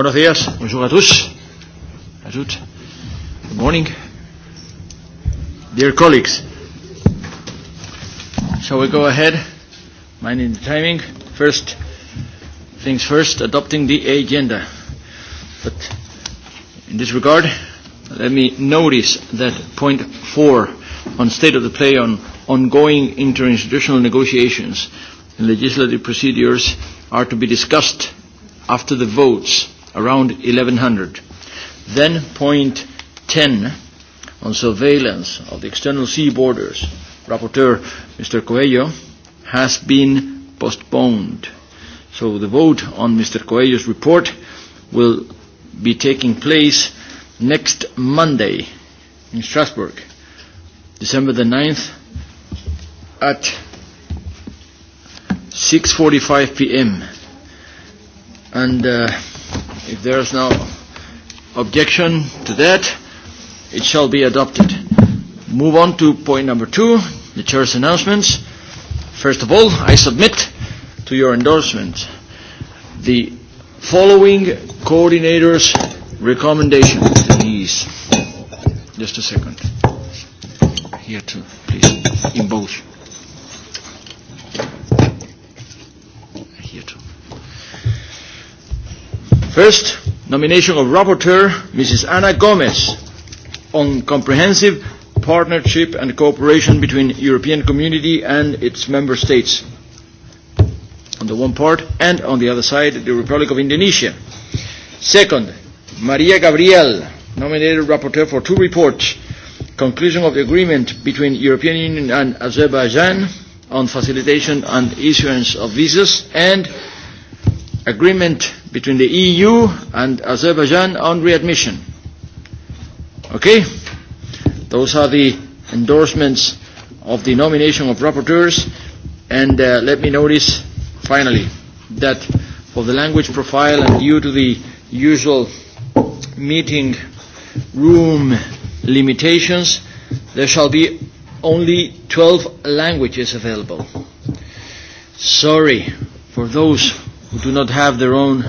Buenos días. Bonjour à tous. À toutes. Good morning. Dear colleagues, shall we go ahead? Minding the timing. First things first, adopting the agenda. But in this regard, let me notice that point four on state of the play on ongoing interinstitutional negotiations and legislative procedures are to be discussed after the votes around 1100. Then point 10 on surveillance of the external sea borders, Rapporteur Mr. Coelho has been postponed. So the vote on Mr. Coelho's report will be taking place next Monday in Strasbourg, December the 9th at 6.45 p.m. And uh, If there is no objection to that, it shall be adopted. Move on to point number two, the chair's announcements. First of all, I submit to your endorsement the following coordinators' recommendation. Denise, just a second. Here too, please, in both. Here too. First, nomination of rapporteur, Mrs. Ana Gomez, on comprehensive partnership and cooperation between European Community and its member states. On the one part, and on the other side, the Republic of Indonesia. Second, Maria Gabriel, nominated rapporteur for two reports, conclusion of the agreement between European Union and Azerbaijan on facilitation and issuance of visas, and agreement between the EU and Azerbaijan on readmission. Okay? Those are the endorsements of the nomination of rapporteurs. And uh, let me notice, finally, that for the language profile and due to the usual meeting room limitations, there shall be only 12 languages available. Sorry for those who do not have their own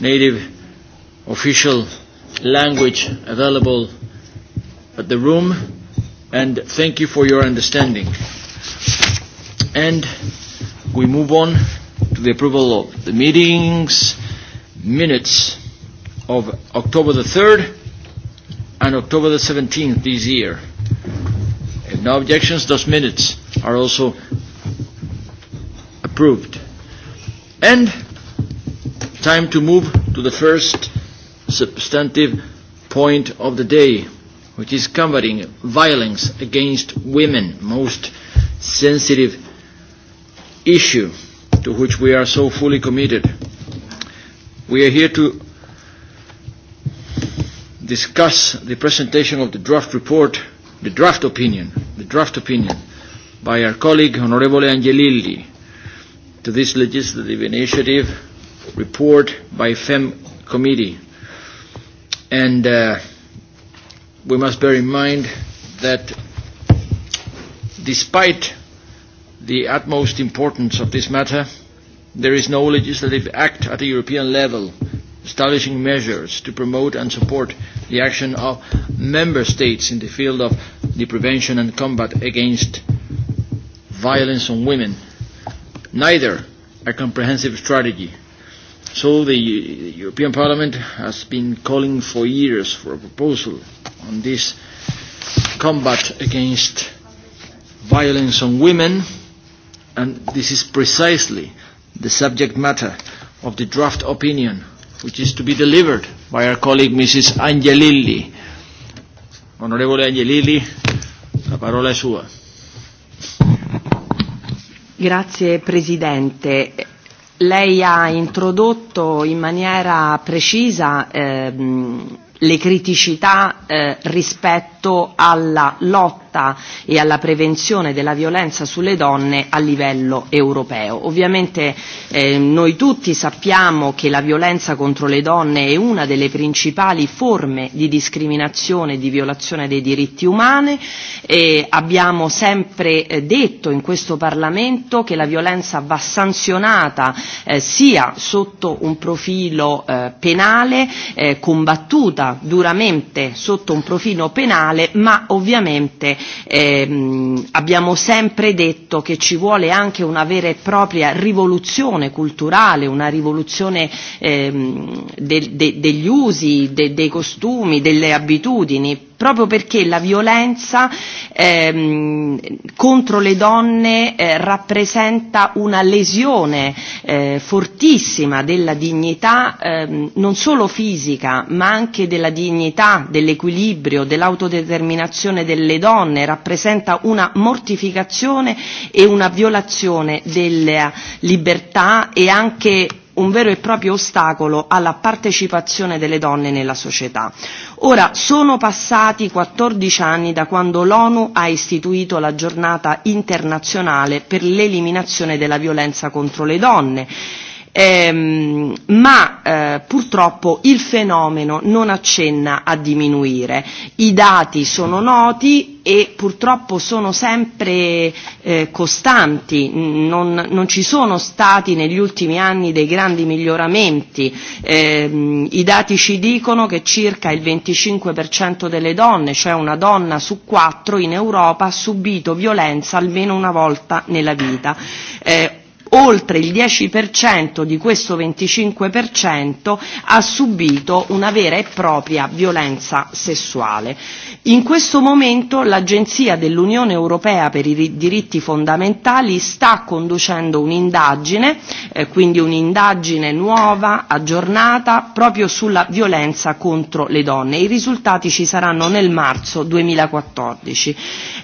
native official language available at the room and thank you for your understanding. And we move on to the approval of the meetings minutes of October the 3rd and October the 17th this year. If no objections, those minutes are also approved. And time to move to the first substantive point of the day, which is covering violence against women, most sensitive issue to which we are so fully committed. We are here to discuss the presentation of the draft report, the draft opinion, the draft opinion by our colleague Honorable Angelilli to this legislative initiative report by FEM committee. And uh, we must bear in mind that despite the utmost importance of this matter, there is no legislative act at the European level establishing measures to promote and support the action of member states in the field of the prevention and combat against violence on women neither a comprehensive strategy. So the European Parliament has been calling for years for a proposal on this combat against violence on women, and this is precisely the subject matter of the draft opinion which is to be delivered by our colleague Mrs. Angelilli. Onorevole Angelilli, la parola è sua. Grazie Presidente. Lei ha introdotto in maniera precisa ehm, le criticità eh, rispetto impatto alla lotta e alla prevenzione della violenza sulle donne a livello europeo. Ovviamente eh, noi tutti sappiamo che la violenza contro le donne è una delle principali forme di discriminazione e di violazione dei diritti umani e abbiamo sempre eh, detto in questo Parlamento che la violenza va sanzionata eh, sia sotto un profilo eh, penale, eh, combattuta duramente sotto un profilo penale, nazionale, ma ovviamente ehm, abbiamo sempre detto che ci vuole anche una vera e propria rivoluzione culturale, una rivoluzione ehm, de, de, degli usi, de, dei costumi, delle abitudini proprio perché la violenza ehm, contro le donne eh, rappresenta una lesione eh, fortissima della dignità ehm, non solo fisica ma anche della dignità, dell'equilibrio, dell'autodeterminazione delle donne, rappresenta una mortificazione e una violazione della libertà e anche un vero e proprio ostacolo alla partecipazione delle donne nella società. Ora, sono passati 14 anni da quando l'ONU ha istituito la giornata internazionale per l'eliminazione della violenza contro le donne ehm, ma eh, purtroppo il fenomeno non accenna a diminuire. I dati sono noti, e purtroppo sono sempre eh, costanti, non, non ci sono stati negli ultimi anni dei grandi miglioramenti. Eh, I dati ci dicono che circa il 25% delle donne, cioè una donna su quattro in Europa, ha subito violenza almeno una volta nella vita. Eh, oltre il 10% di questo 25% ha subito una vera e propria violenza sessuale. In questo momento l'Agenzia dell'Unione Europea per i diritti fondamentali sta conducendo un'indagine, eh, quindi un'indagine nuova, aggiornata, proprio sulla violenza contro le donne. I risultati ci saranno nel marzo 2014.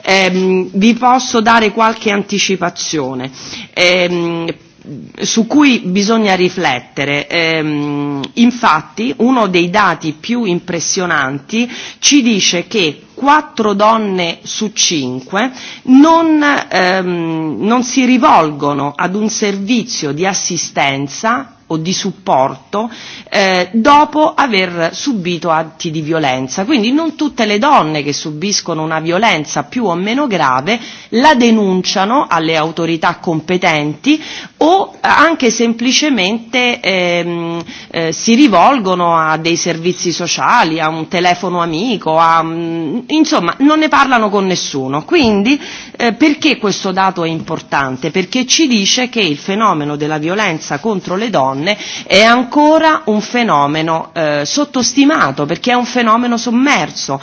Ehm, vi posso dare qualche anticipazione. Ehm, ehm, su cui bisogna riflettere. Ehm, infatti uno dei dati più impressionanti ci dice che quattro donne su cinque non, ehm, non si rivolgono ad un servizio di assistenza o di supporto eh, dopo aver subito atti di violenza. Quindi non tutte le donne che subiscono una violenza più o meno grave la denunciano alle autorità competenti o anche semplicemente ehm, eh, si rivolgono a dei servizi sociali, a un telefono amico, a, mh, insomma non ne parlano con nessuno. Quindi eh, perché questo dato è importante? Perché ci dice che il fenomeno della violenza contro le donne donne è ancora un fenomeno eh, sottostimato perché è un fenomeno sommerso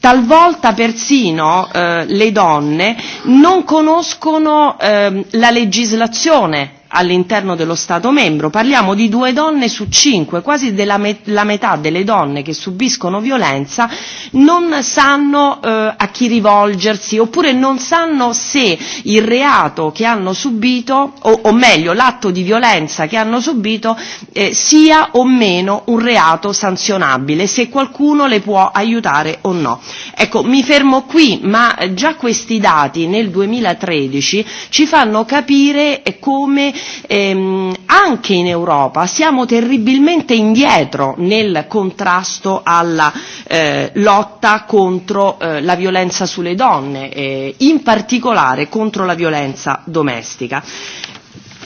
talvolta persino eh, le donne non conoscono eh, la legislazione all'interno dello Stato membro, parliamo di due donne su cinque, quasi della me- la metà delle donne che subiscono violenza non sanno eh, a chi rivolgersi oppure non sanno se il reato che hanno subito o, o meglio l'atto di violenza che hanno subito eh, sia o meno un reato sanzionabile, se qualcuno le può aiutare o no. Ecco, mi fermo qui, ma eh, già questi dati nel 2013 ci fanno capire eh, come ehm, anche in Europa siamo terribilmente indietro nel contrasto alla eh, lotta contro eh, la violenza sulle donne, eh, in particolare contro la violenza domestica.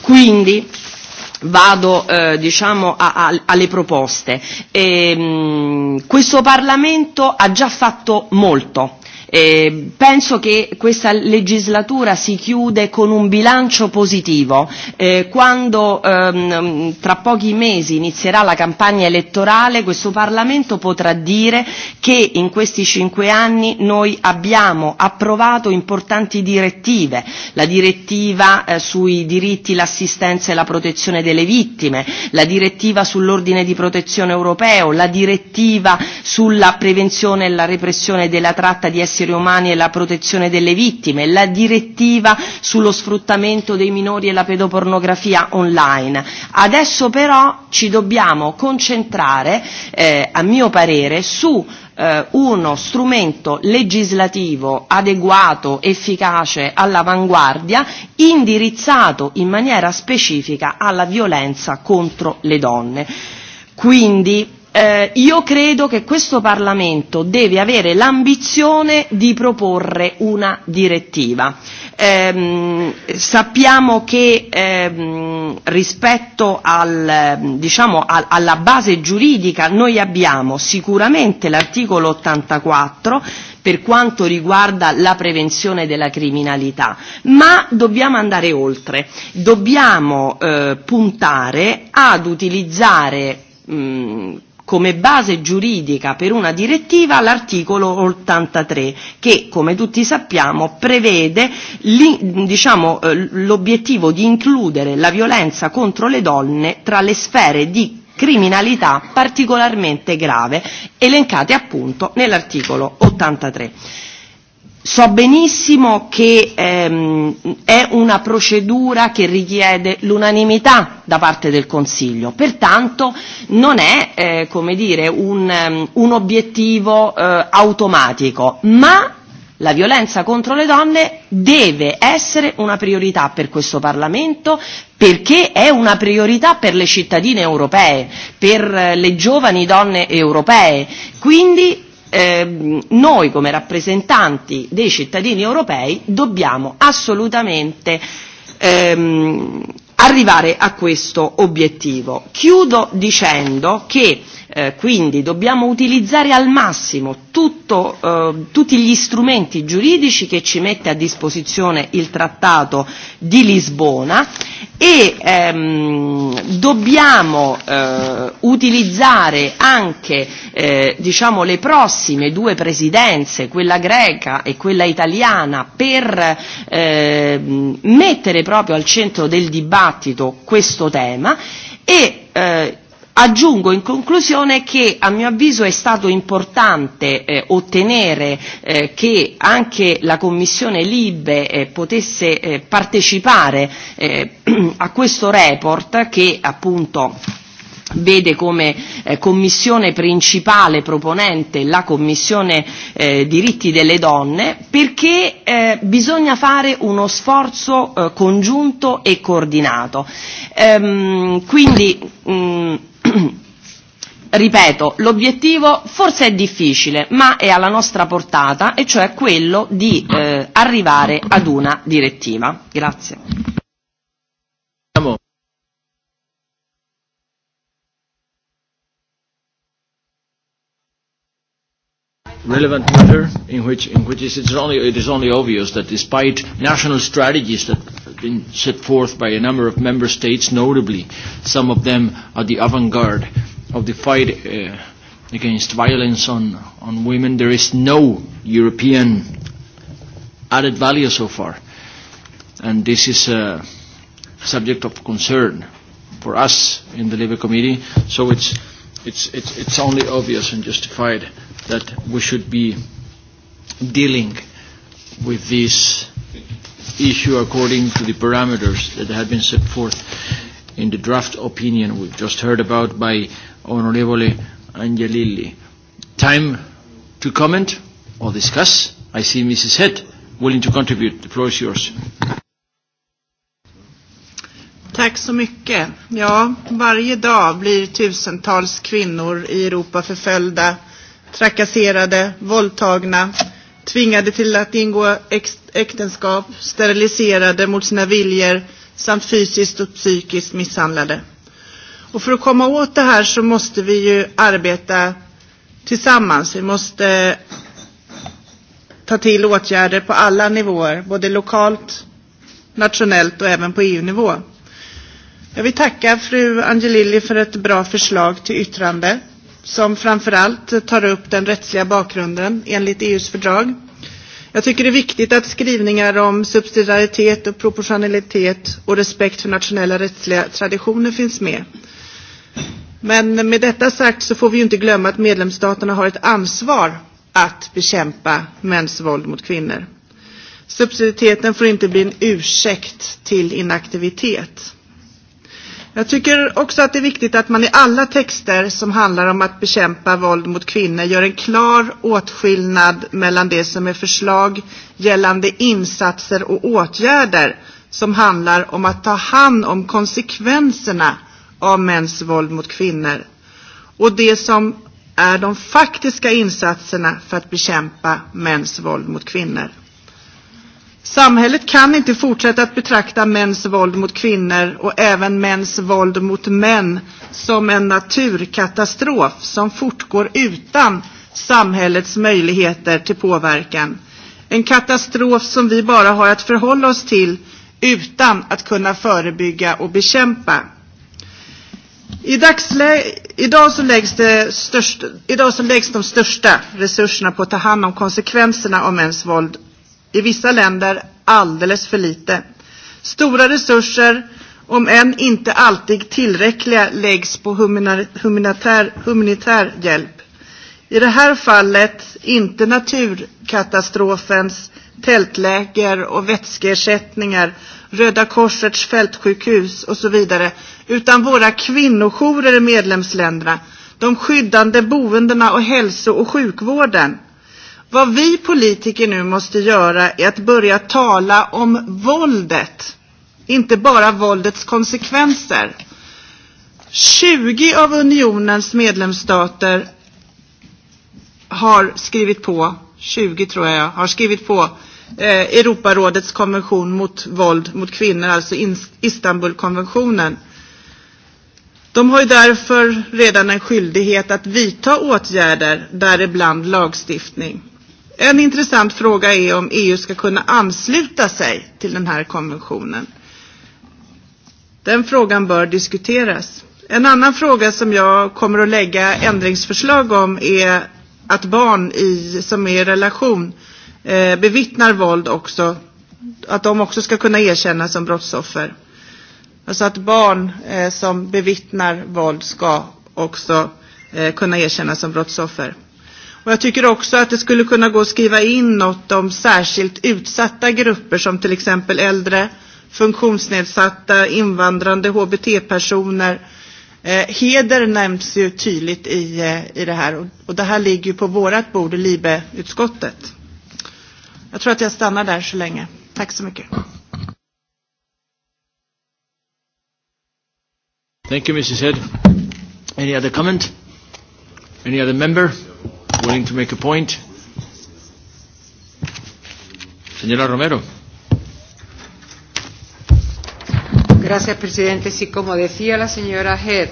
Quindi vado eh, diciamo a, a, alle proposte. E, ehm, mh, questo Parlamento ha già fatto molto Eh, penso che questa legislatura si chiude con un bilancio positivo. Eh, quando ehm, tra pochi mesi inizierà la campagna elettorale questo Parlamento potrà dire che in questi cinque anni noi abbiamo approvato importanti direttive, la direttiva eh, sui diritti, l'assistenza e la protezione delle vittime, la direttiva sull'ordine di protezione europeo, la direttiva sulla prevenzione e la repressione della tratta di esseri esseri umani e la protezione delle vittime, la direttiva sullo sfruttamento dei minori e la pedopornografia online. Adesso però ci dobbiamo concentrare, eh, a mio parere, su eh, uno strumento legislativo adeguato, efficace, all'avanguardia, indirizzato in maniera specifica alla violenza contro le donne. Quindi Eh, io credo che questo Parlamento deve avere l'ambizione di proporre una direttiva. Eh, sappiamo che eh, rispetto al, diciamo, al, alla base giuridica noi abbiamo sicuramente l'articolo 84 per quanto riguarda la prevenzione della criminalità, ma dobbiamo andare oltre, dobbiamo eh, puntare ad utilizzare mh, come base giuridica per una direttiva l'articolo 83 che, come tutti sappiamo, prevede li, diciamo, eh, l'obiettivo di includere la violenza contro le donne tra le sfere di criminalità particolarmente grave, elencate appunto nell'articolo 83. So benissimo che ehm, è una procedura che richiede l'unanimità da parte del Consiglio, pertanto non è eh, come dire, un, um, un obiettivo eh, automatico, ma la violenza contro le donne deve essere una priorità per questo Parlamento perché è una priorità per le cittadine europee, per le giovani donne europee. Quindi eh, noi come rappresentanti dei cittadini europei dobbiamo assolutamente ehm, arrivare a questo obiettivo. Chiudo dicendo che Eh, quindi dobbiamo utilizzare al massimo tutto, eh, tutti gli strumenti giuridici che ci mette a disposizione il Trattato di Lisbona e ehm, dobbiamo eh, utilizzare anche eh, diciamo, le prossime due presidenze, quella greca e quella italiana, per eh, mettere proprio al centro del dibattito questo tema e eh, Aggiungo in conclusione che a mio avviso è stato importante eh, ottenere eh, che anche la Commissione Libe eh, potesse eh, partecipare eh, a questo report che appunto vede come eh, commissione principale proponente la commissione eh, diritti delle donne perché eh, bisogna fare uno sforzo eh, congiunto e coordinato. Ehm, quindi mh, mm, Ripeto, l'obiettivo forse è difficile, ma è alla nostra portata, e cioè quello di eh, arrivare ad una direttiva. Grazie. relevant matter in which, in which is it's only, it is only obvious that despite national strategies that been set forth by a number of member states, notably some of them are the avant-garde of the fight uh, against violence on, on women. There is no European added value so far. And this is a subject of concern for us in the Labour Committee. So it's, it's, it's, it's only obvious and justified that we should be dealing with this issue according to the parameters that had been set forth in the draft opinion we've just heard about by Honorable Angelilli. Time to comment or discuss? I see Mrs. Head willing to contribute. The floor is yours. Tack så mycket. Ja, varje dag blir tusentals kvinnor i Europa förföljda, trakasserade, våldtagna, tvingade till att ingå äktenskap, steriliserade mot sina viljor samt fysiskt och psykiskt misshandlade. Och för att komma åt det här så måste vi ju arbeta tillsammans. Vi måste ta till åtgärder på alla nivåer, både lokalt, nationellt och även på EU-nivå. Jag vill tacka fru Angelilli för ett bra förslag till yttrande som framförallt tar upp den rättsliga bakgrunden enligt EUs fördrag. Jag tycker det är viktigt att skrivningar om subsidiaritet och proportionalitet och respekt för nationella rättsliga traditioner finns med. Men med detta sagt så får vi ju inte glömma att medlemsstaterna har ett ansvar att bekämpa mäns våld mot kvinnor. Subsidiariteten får inte bli en ursäkt till inaktivitet. Jag tycker också att det är viktigt att man i alla texter som handlar om att bekämpa våld mot kvinnor gör en klar åtskillnad mellan det som är förslag gällande insatser och åtgärder som handlar om att ta hand om konsekvenserna av mäns våld mot kvinnor och det som är de faktiska insatserna för att bekämpa mäns våld mot kvinnor. Samhället kan inte fortsätta att betrakta mäns våld mot kvinnor och även mäns våld mot män som en naturkatastrof som fortgår utan samhällets möjligheter till påverkan. En katastrof som vi bara har att förhålla oss till utan att kunna förebygga och bekämpa. I dagslä idag, så läggs det störst, idag så läggs de största resurserna på att ta hand om konsekvenserna av mäns våld i vissa länder alldeles för lite. Stora resurser, om än inte alltid tillräckliga, läggs på humanitär, humanitär hjälp. I det här fallet inte naturkatastrofens tältläger och vätskeersättningar, Röda Korsets fältsjukhus och så vidare, utan våra kvinnojourer i medlemsländerna, de skyddande boendena och hälso och sjukvården. Vad vi politiker nu måste göra är att börja tala om våldet, inte bara våldets konsekvenser. 20 av unionens medlemsstater har skrivit på, 20 tror jag, har skrivit på eh, Europarådets konvention mot våld mot kvinnor, alltså Istanbulkonventionen. De har ju därför redan en skyldighet att vidta åtgärder, däribland lagstiftning. En intressant fråga är om EU ska kunna ansluta sig till den här konventionen. Den frågan bör diskuteras. En annan fråga som jag kommer att lägga ändringsförslag om är att barn i, som är i relation eh, bevittnar våld också, att de också ska kunna erkännas som brottsoffer. Alltså att barn eh, som bevittnar våld ska också eh, kunna erkännas som brottsoffer. Och jag tycker också att det skulle kunna gå att skriva in något om särskilt utsatta grupper som till exempel äldre, funktionsnedsatta, invandrande, hbt-personer. Eh, heder nämns ju tydligt i, eh, i det här och, och det här ligger ju på vårat bord i LIBE-utskottet. Jag tror att jag stannar där så länge. Tack så mycket. Thank you, Mrs. Head. Any other comment? Any other member? willing to make a point? Señora Romero. Gracias, presidente. Sí, como decía la señora Head,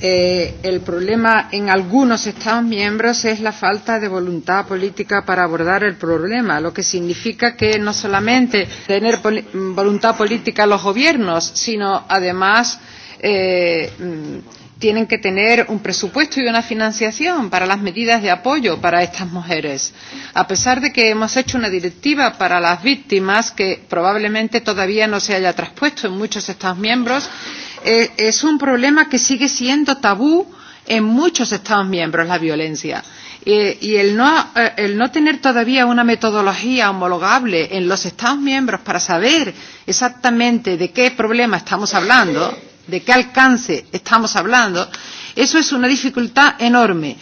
eh, el problema en algunos Estados miembros es la falta de voluntad política para abordar el problema, lo que significa que no solamente tener pol voluntad política los gobiernos, sino además eh, mm, tienen que tener un presupuesto y una financiación para las medidas de apoyo para estas mujeres. A pesar de que hemos hecho una directiva para las víctimas que probablemente todavía no se haya traspuesto en muchos Estados miembros, eh, es un problema que sigue siendo tabú en muchos Estados miembros la violencia. Eh, y el no, eh, el no tener todavía una metodología homologable en los Estados miembros para saber exactamente de qué problema estamos hablando, eh, de qué alcance estamos hablando, eso es una dificultad enorme.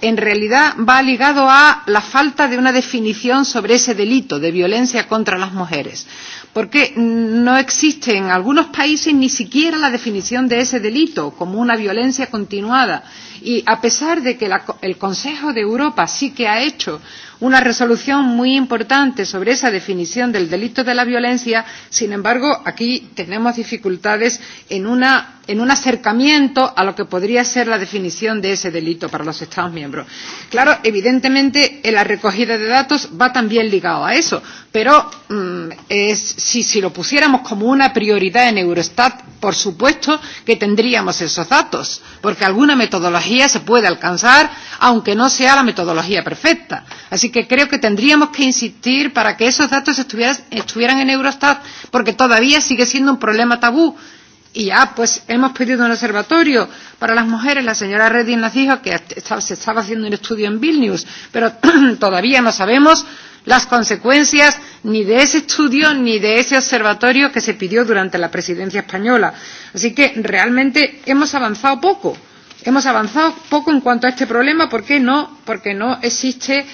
En realidad va ligado a la falta de una definición sobre ese delito de violencia contra las mujeres porque no existe en algunos países ni siquiera la definición de ese delito como una violencia continuada. Y a pesar de que la, el Consejo de Europa sí que ha hecho una resolución muy importante sobre esa definición del delito de la violencia, sin embargo, aquí tenemos dificultades en, una, en un acercamiento a lo que podría ser la definición de ese delito para los Estados miembros. Claro, evidentemente, la recogida de datos va también ligado a eso, pero mmm, es, si, si lo pusiéramos como una prioridad en Eurostat, por supuesto que tendríamos esos datos, porque alguna metodología se puede alcanzar, aunque no sea la metodología perfecta. Así que creo que tendríamos que insistir para que esos datos estuvieran, estuvieran en Eurostat, porque todavía sigue siendo un problema tabú. Y ya, pues hemos pedido un observatorio para las mujeres. La señora Redding nos dijo que está, se estaba haciendo un estudio en Vilnius, pero todavía no sabemos las consecuencias ni de ese estudio ni de ese observatorio que se pidió durante la presidencia española. Así que realmente hemos avanzado poco. Hemos avanzado poco en cuanto a este problema porque no, porque no existe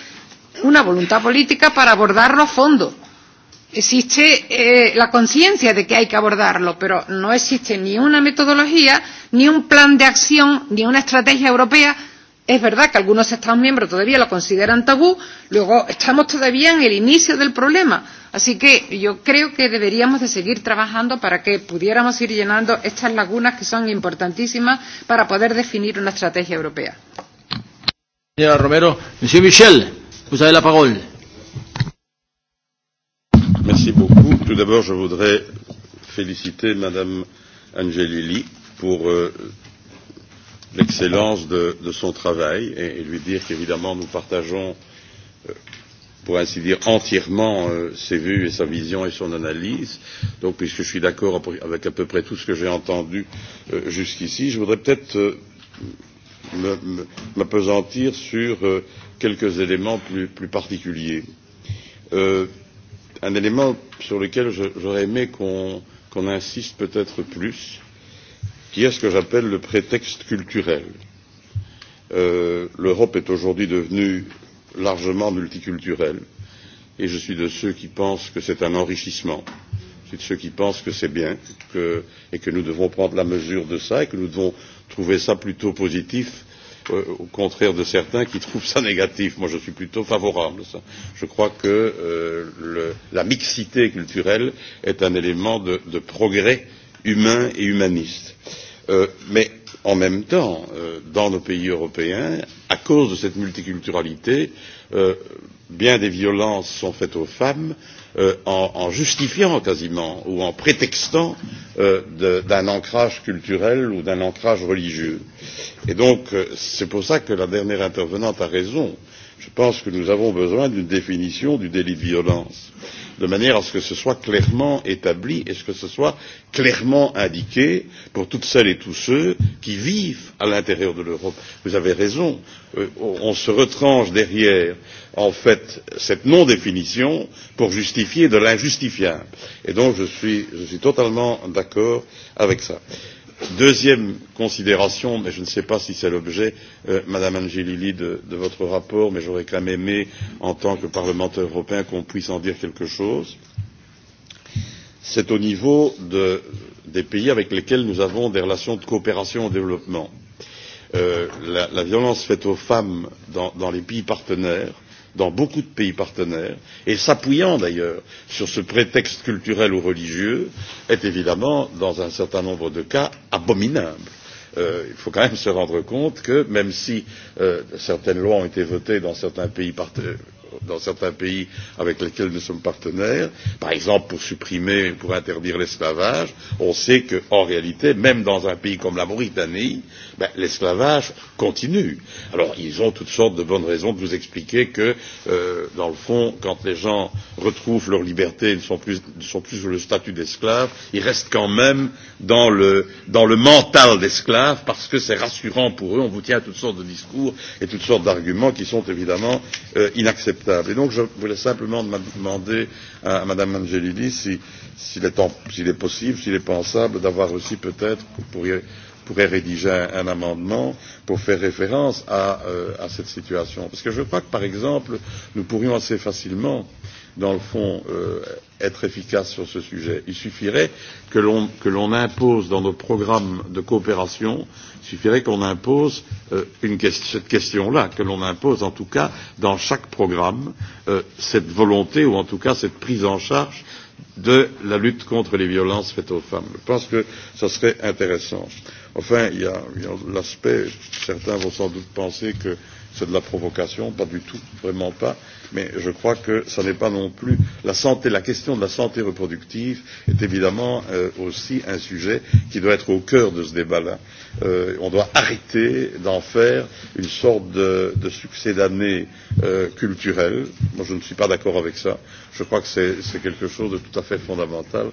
una voluntad política para abordarlo a fondo. Existe eh, la conciencia de que hay que abordarlo, pero no existe ni una metodología, ni un plan de acción, ni una estrategia europea Es verdad que algunos Estados miembros todavía lo consideran tabú, luego estamos todavía en el inicio del problema. Así que yo creo que deberíamos de seguir trabajando para que pudiéramos ir llenando estas lagunas que son importantísimas para poder definir una estrategia europea. Señora Romero, Monsieur Michel, vous avez la parole. Merci beaucoup. Tout d'abord, je voudrais féliciter Madame Angelilli pour euh, l'excellence de, de son travail et, et lui dire qu'évidemment nous partageons, euh, pour ainsi dire, entièrement euh, ses vues et sa vision et son analyse. Donc, puisque je suis d'accord avec à peu près tout ce que j'ai entendu euh, jusqu'ici, je voudrais peut-être euh, m'apesantir sur euh, quelques éléments plus, plus particuliers. Euh, un élément sur lequel j'aurais aimé qu'on qu insiste peut-être plus, qui est ce que j'appelle le prétexte culturel. Euh, L'Europe est aujourd'hui devenue largement multiculturelle et je suis de ceux qui pensent que c'est un enrichissement. Je suis de ceux qui pensent que c'est bien que, et que nous devons prendre la mesure de ça et que nous devons trouver ça plutôt positif euh, au contraire de certains qui trouvent ça négatif. Moi, je suis plutôt favorable à ça. Je crois que euh, le, la mixité culturelle est un élément de, de progrès humain et humaniste Euh, mais en même temps, euh, dans nos pays européens, à cause de cette multiculturalité, euh, bien des violences sont faites aux femmes euh, en, en justifiant quasiment ou en prétextant euh, d'un ancrage culturel ou d'un ancrage religieux. Et donc, euh, c'est pour ça que la dernière intervenante a raison. Euh, je pense que nous avons besoin d'une définition du délit de violence de manière à ce que ce soit clairement établi et que ce soit clairement indiqué pour toutes celles et tous ceux qui vivent à l'intérieur de l'europe. vous avez raison euh, on se retranche derrière en fait cette non définition pour justifier de l'injustifiable et donc je suis, je suis totalement d'accord avec cela. Deuxième considération, mais je ne sais pas si c'est l'objet, euh, Madame Angelilli, de, de votre rapport, mais j'aurais quand même aimé, en tant que parlementaire européen, qu'on puisse en dire quelque chose. C'est au niveau de, des pays avec lesquels nous avons des relations de coopération au développement. Euh, la, la violence faite aux femmes dans, dans les pays partenaires dans beaucoup de pays partenaires et s'appuyant d'ailleurs sur ce prétexte culturel ou religieux est évidemment dans un certain nombre de cas abominable. Euh, il faut quand même se rendre compte que même si euh, certaines lois ont été votées dans certains pays partenaires dans certains pays avec lesquels nous sommes partenaires, par exemple pour supprimer, pour interdire l'esclavage, on sait qu'en réalité, même dans un pays comme la Mauritanie, ben, l'esclavage continue. Alors, ils ont toutes sortes de bonnes raisons de vous expliquer que, euh, dans le fond, quand les gens retrouvent leur liberté et ne sont plus, ne sont plus sous le statut d'esclave, ils restent quand même dans le, dans le mental d'esclave parce que c'est rassurant pour eux, on vous tient à toutes sortes de discours et toutes sortes d'arguments qui sont évidemment euh, inacceptables acceptable. Et donc, je voulais simplement demander à, à Mme Angelilli s'il si, si est, en, si est possible, s'il est pensable d'avoir aussi peut-être, pourrait, pourrait rédiger un, un amendement pour faire référence à, euh, à cette situation. Parce que je crois que, par exemple, nous pourrions assez facilement euh, dans le fond, euh, être efficace sur ce sujet. Il suffirait que l'on impose dans nos programmes de coopération, il suffirait qu'on impose euh, une que cette question-là, que l'on impose en tout cas dans chaque programme euh, cette volonté ou en tout cas cette prise en charge de la lutte contre les violences faites aux femmes. Je pense que ça serait intéressant. Enfin, il y a, il y a l'aspect, certains vont sans doute penser que euh, c'est de la provocation, pas du tout, vraiment pas, mais je crois que ça n'est pas non plus la santé, la question de la santé reproductive est évidemment euh, aussi un sujet qui doit être au cœur de ce débat-là. Euh, on doit arrêter d'en faire une sorte de, de succès d'année euh, culturel. Moi, je ne suis pas d'accord avec ça. Je crois que c'est quelque chose de tout à fait fondamental.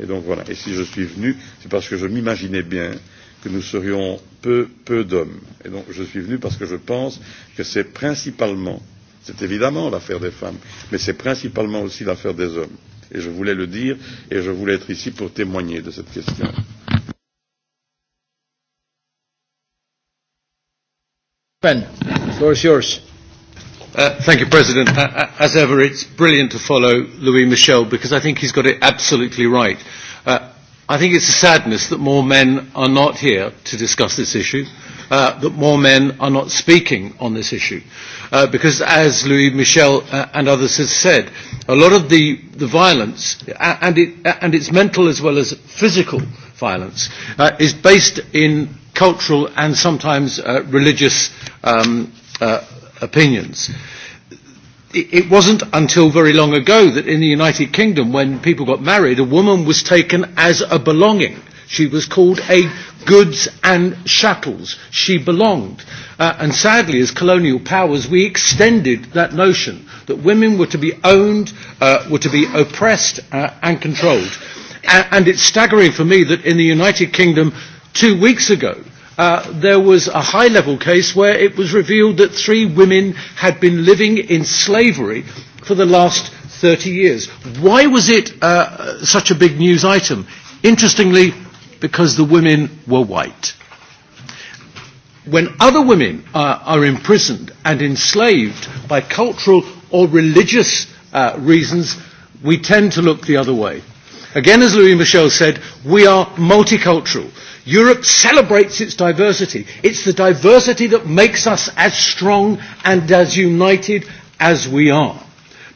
Et donc voilà. Et si je suis venu, c'est parce que je m'imaginais bien euh, que nous serions peu, peu d'hommes. Et donc je suis venu parce que je pense que c'est principalement, c'est évidemment l'affaire des femmes, mais c'est principalement aussi l'affaire des hommes. Et je voulais le dire et je voulais être ici pour témoigner de cette question. Ben, the floor is yours. Uh, thank you, President. Uh, uh, as ever, it's brilliant to follow Louis Michel because I think he's got it absolutely right. Uh, I think it's a sadness that more men are not here to discuss this issue, uh, that more men are not speaking on this issue. Uh, because as Louis Michel uh, and others have said, a lot of the, the violence, and, it, and it's mental as well as physical violence, uh, is based in cultural and sometimes uh, religious um, uh, opinions. Uh, it wasn't until very long ago that in the United Kingdom, when people got married, a woman was taken as a belonging. She was called a goods and chattels. She belonged. Uh, and sadly, as colonial powers, we extended that notion that women were to be owned, uh, were to be oppressed uh, and controlled. A- and it's staggering for me that in the United Kingdom, two weeks ago, uh, there was a high level case where it was revealed that three women had been living in slavery for the last 30 years. Why was it uh, such a big news item? Interestingly, because the women were white. When other women uh, are imprisoned and enslaved by cultural or religious uh, reasons, we tend to look the other way. Again, as Louis Michel said, we are multicultural. Europe celebrates its diversity. It's the diversity that makes us as strong and as united as we are.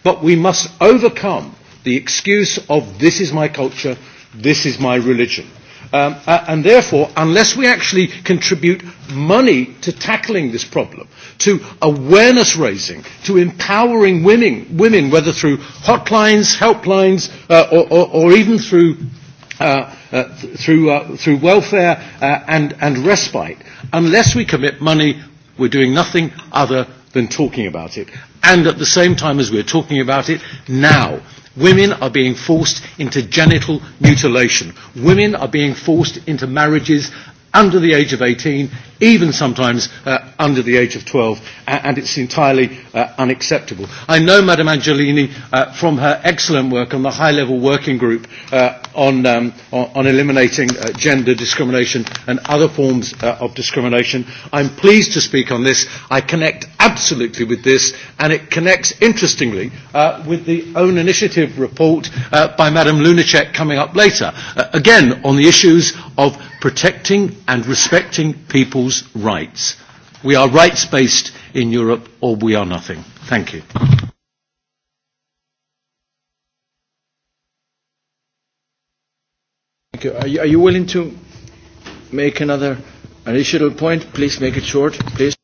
But we must overcome the excuse of this is my culture, this is my religion. Um, uh, and therefore, unless we actually contribute money to tackling this problem, to awareness raising, to empowering women, women whether through hotlines, helplines, uh, or, or, or even through uh, uh, th- through, uh, through welfare uh, and, and respite. Unless we commit money, we're doing nothing other than talking about it. And at the same time as we're talking about it, now, women are being forced into genital mutilation. Women are being forced into marriages under the age of 18 even sometimes uh, under the age of 12, and it's entirely uh, unacceptable. I know Madame Angelini uh, from her excellent work on the high-level working group uh, on, um, on eliminating uh, gender discrimination and other forms uh, of discrimination. I'm pleased to speak on this. I connect absolutely with this, and it connects, interestingly, uh, with the own initiative report uh, by Madame Lunacek coming up later, uh, again on the issues of protecting and respecting people people's rights. We are rights-based in Europe or we are nothing. Thank you. Thank you. Are you, are you willing to make another additional point? Please make it short, please.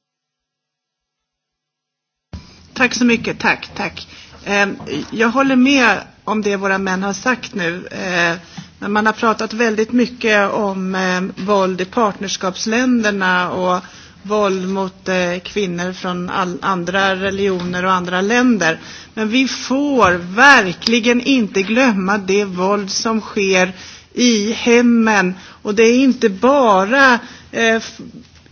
Tack så mycket. Tack, tack. Eh, jag håller med om det våra män har sagt nu. Eh, Man har pratat väldigt mycket om eh, våld i partnerskapsländerna och våld mot eh, kvinnor från all, andra religioner och andra länder. Men vi får verkligen inte glömma det våld som sker i hemmen. Och det är inte bara eh,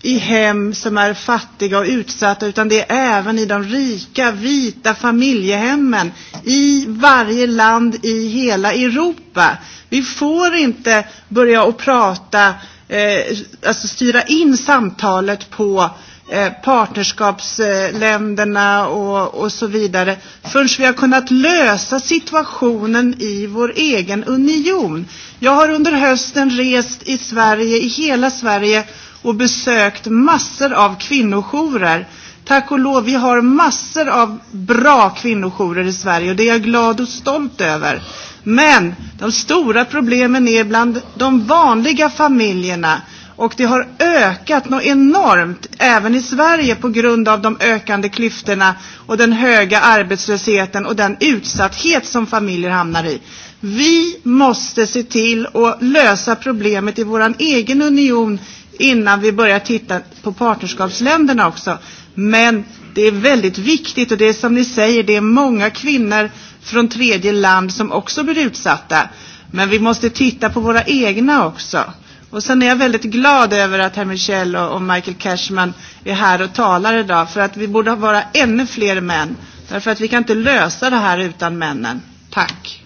i hem som är fattiga och utsatta utan det är även i de rika vita familjehemmen i varje land i hela Europa. Vi får inte börja och prata, eh, alltså styra in samtalet på eh, partnerskapsländerna och, och så vidare förrän vi har kunnat lösa situationen i vår egen union. Jag har under hösten rest i Sverige, i hela Sverige och besökt massor av kvinnojourer. Tack och lov, vi har massor av bra kvinnojourer i Sverige och det är jag glad och stolt över. Men de stora problemen är bland de vanliga familjerna och det har ökat något enormt även i Sverige på grund av de ökande klyftorna och den höga arbetslösheten och den utsatthet som familjer hamnar i. Vi måste se till att lösa problemet i vår egen union innan vi börjar titta på partnerskapsländerna också. Men det är väldigt viktigt och det är som ni säger, det är många kvinnor från tredje land som också blir utsatta. Men vi måste titta på våra egna också. Och sen är jag väldigt glad över att herr Michel och, och Michael Cashman är här och talar idag. För att vi borde vara ännu fler män. Därför att vi kan inte lösa det här utan männen. Tack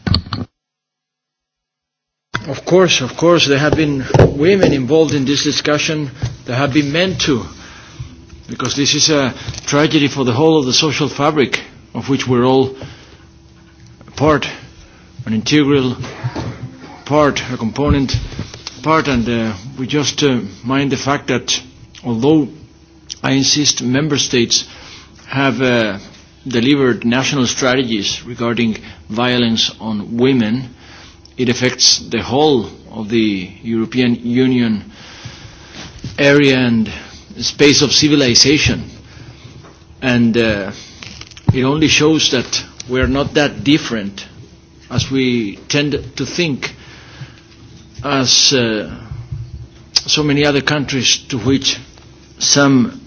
of course, of course, there have been women involved in this discussion. There have been men too, because this is a tragedy for the whole of the social fabric of which we're all part, an integral part, a component part, and uh, we just uh, mind the fact that although I insist member states have uh, delivered national strategies regarding violence on women, it affects the whole of the European Union area and space of civilization. And uh, it only shows that we are not that different as we tend to think as uh, so many other countries to which some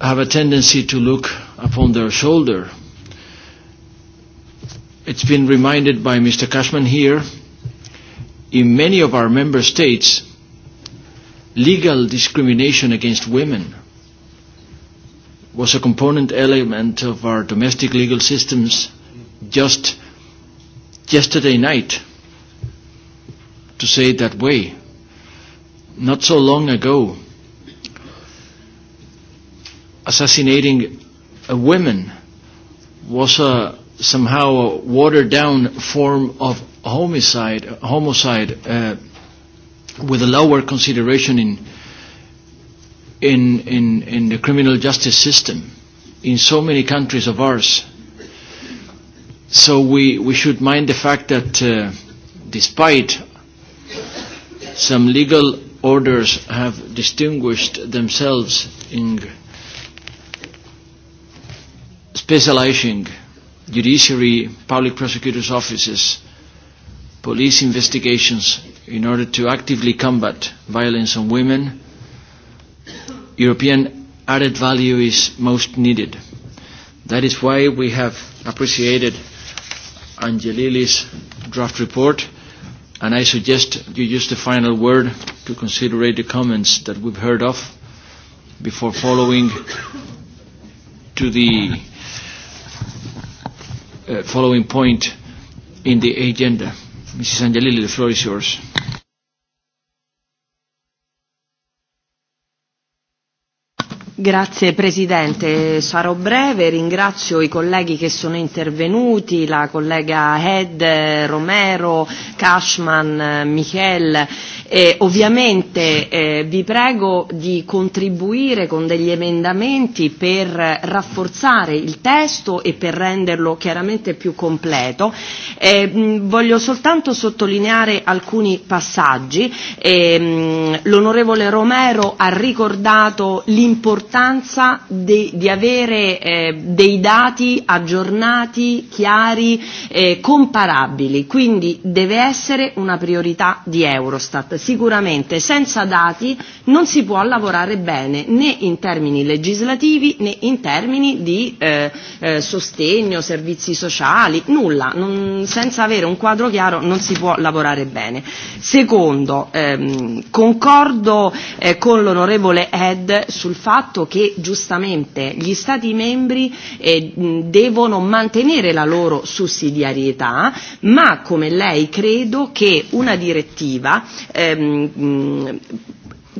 have a tendency to look upon their shoulder it's been reminded by Mr. Cashman here, in many of our member states, legal discrimination against women was a component element of our domestic legal systems just yesterday night, to say it that way, not so long ago, assassinating a woman was a somehow watered down form of homicide, homicide uh, with a lower consideration in, in, in, in the criminal justice system in so many countries of ours. So we, we should mind the fact that uh, despite some legal orders have distinguished themselves in specializing judiciary, public prosecutors' offices, police investigations in order to actively combat violence on women, European added value is most needed. That is why we have appreciated Angelili's draft report, and I suggest you use the final word to consider the comments that we've heard of before following to the uh, following point in the agenda. Mrs. Angelilli, the floor is yours. Grazie Presidente, sarò breve, ringrazio i colleghi che sono intervenuti, la collega Head, Romero, Cashman, eh, Michel Eh, ovviamente eh, vi prego di contribuire con degli emendamenti per rafforzare il testo e per renderlo chiaramente più completo. Eh, mh, voglio soltanto sottolineare alcuni passaggi. Eh, mh, l'onorevole Romero ha ricordato l'importanza de, di avere eh, dei dati aggiornati, chiari, eh, comparabili, quindi deve essere una priorità di Eurostat sicuramente senza dati non si può lavorare bene né in termini legislativi né in termini di eh, eh, sostegno, servizi sociali, nulla, non, senza avere un quadro chiaro non si può lavorare bene. Secondo, ehm, concordo eh, con l'onorevole Ed sul fatto che giustamente gli Stati membri eh, devono mantenere la loro sussidiarietà, ma come lei credo che una direttiva eh, ehm,